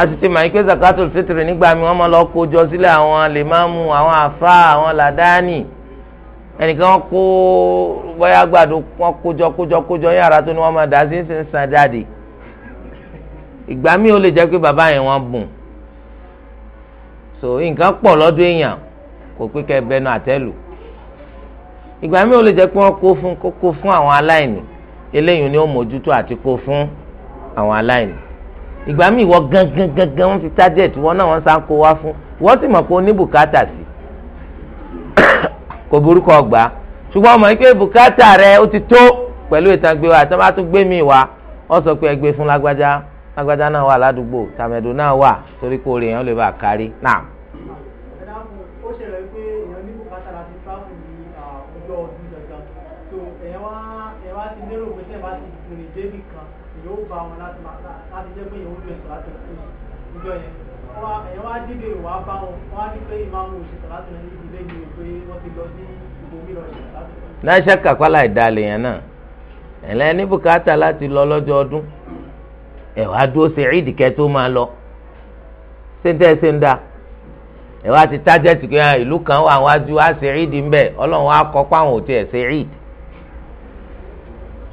àtìtì màá yí pé zakatul fitiri nígbà mi wọ́n máa lọ kó jọ sílẹ̀ àwọn lèmáàmù àwọn àfa àwọn làdáàní ẹnìkan kó bóyá gbàdo wọn kójọ kójọ kójọ yàrá tó ni wọ́n máa dá sí ń san jáde ìgbà mi ò lè jẹ́ pé bàbá yẹn wọ́n bùn so nǹkan pọ̀ lọ́dún èèyàn kò pé kẹ́ bẹnu àtẹ́lù ìgbà mi ò lè jẹ́ pé wọ́n kó fún kó fún àwọn aláìní eléyìí ni ó mójútó àti kó fún àwọn aláìní ìgbà mi ìwọ gangan gangan wọ́n fi target wọn náà wọ́n sá kó wá fún wọ́n sì mọ̀ pé ó ní bùkátà sí kò burúkọ gbà ṣùgbọ́n ọmọ ike bùkátà rẹ ó ti tó pẹ̀lú ìtàn gbé wa àti wọ́n bá tún gbé mi wá wọ́n sọ pé ẹ fún lágbájá lágbájá náà wà ládùúgbò tàmẹ̀dù náà wà torí kò rèé yẹn ó lè bá a kárí náà. débi kan èyàn ó bá wọn láti máa láti jẹ́ pé èyàn ó lè sọ̀rọ̀ àti ìlú ìjọ yẹn èyàn wá dídé ìwà bá wọn wọn á ní pé ìmáàmù òṣèlú láti rẹ níbi ilé yìí pé wọ́n ti lọ sí ìbomi lọ ṣe láti rẹ. láṣẹ kàkálà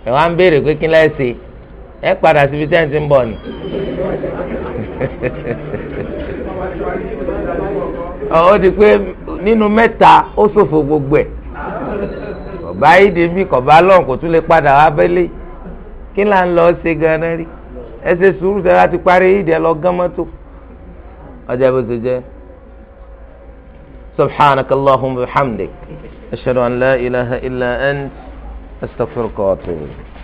ẹ wá ń béèrè pé kí lẹ́ẹ̀ ṣe ẹ padà síbi tẹ́ ẹ ti ń bọ̀ ni. ó di pé nínú mẹ́ta ó ṣòfò gbogbo ẹ̀ ọ̀bá yìí di bí lọ́n kò tún lè padà wá bẹ́lẹ̀ kí là ń lọ ṣe gan-an rí ẹ ṣe sùúrù tẹ́lá ti parí yìí dẹ́ lọ gán mọ́tò ọjà bó ṣe jẹ́. سبحانك اللهم وبحمدك أشهد أن لا إله إلا أنت استغفرك واتوب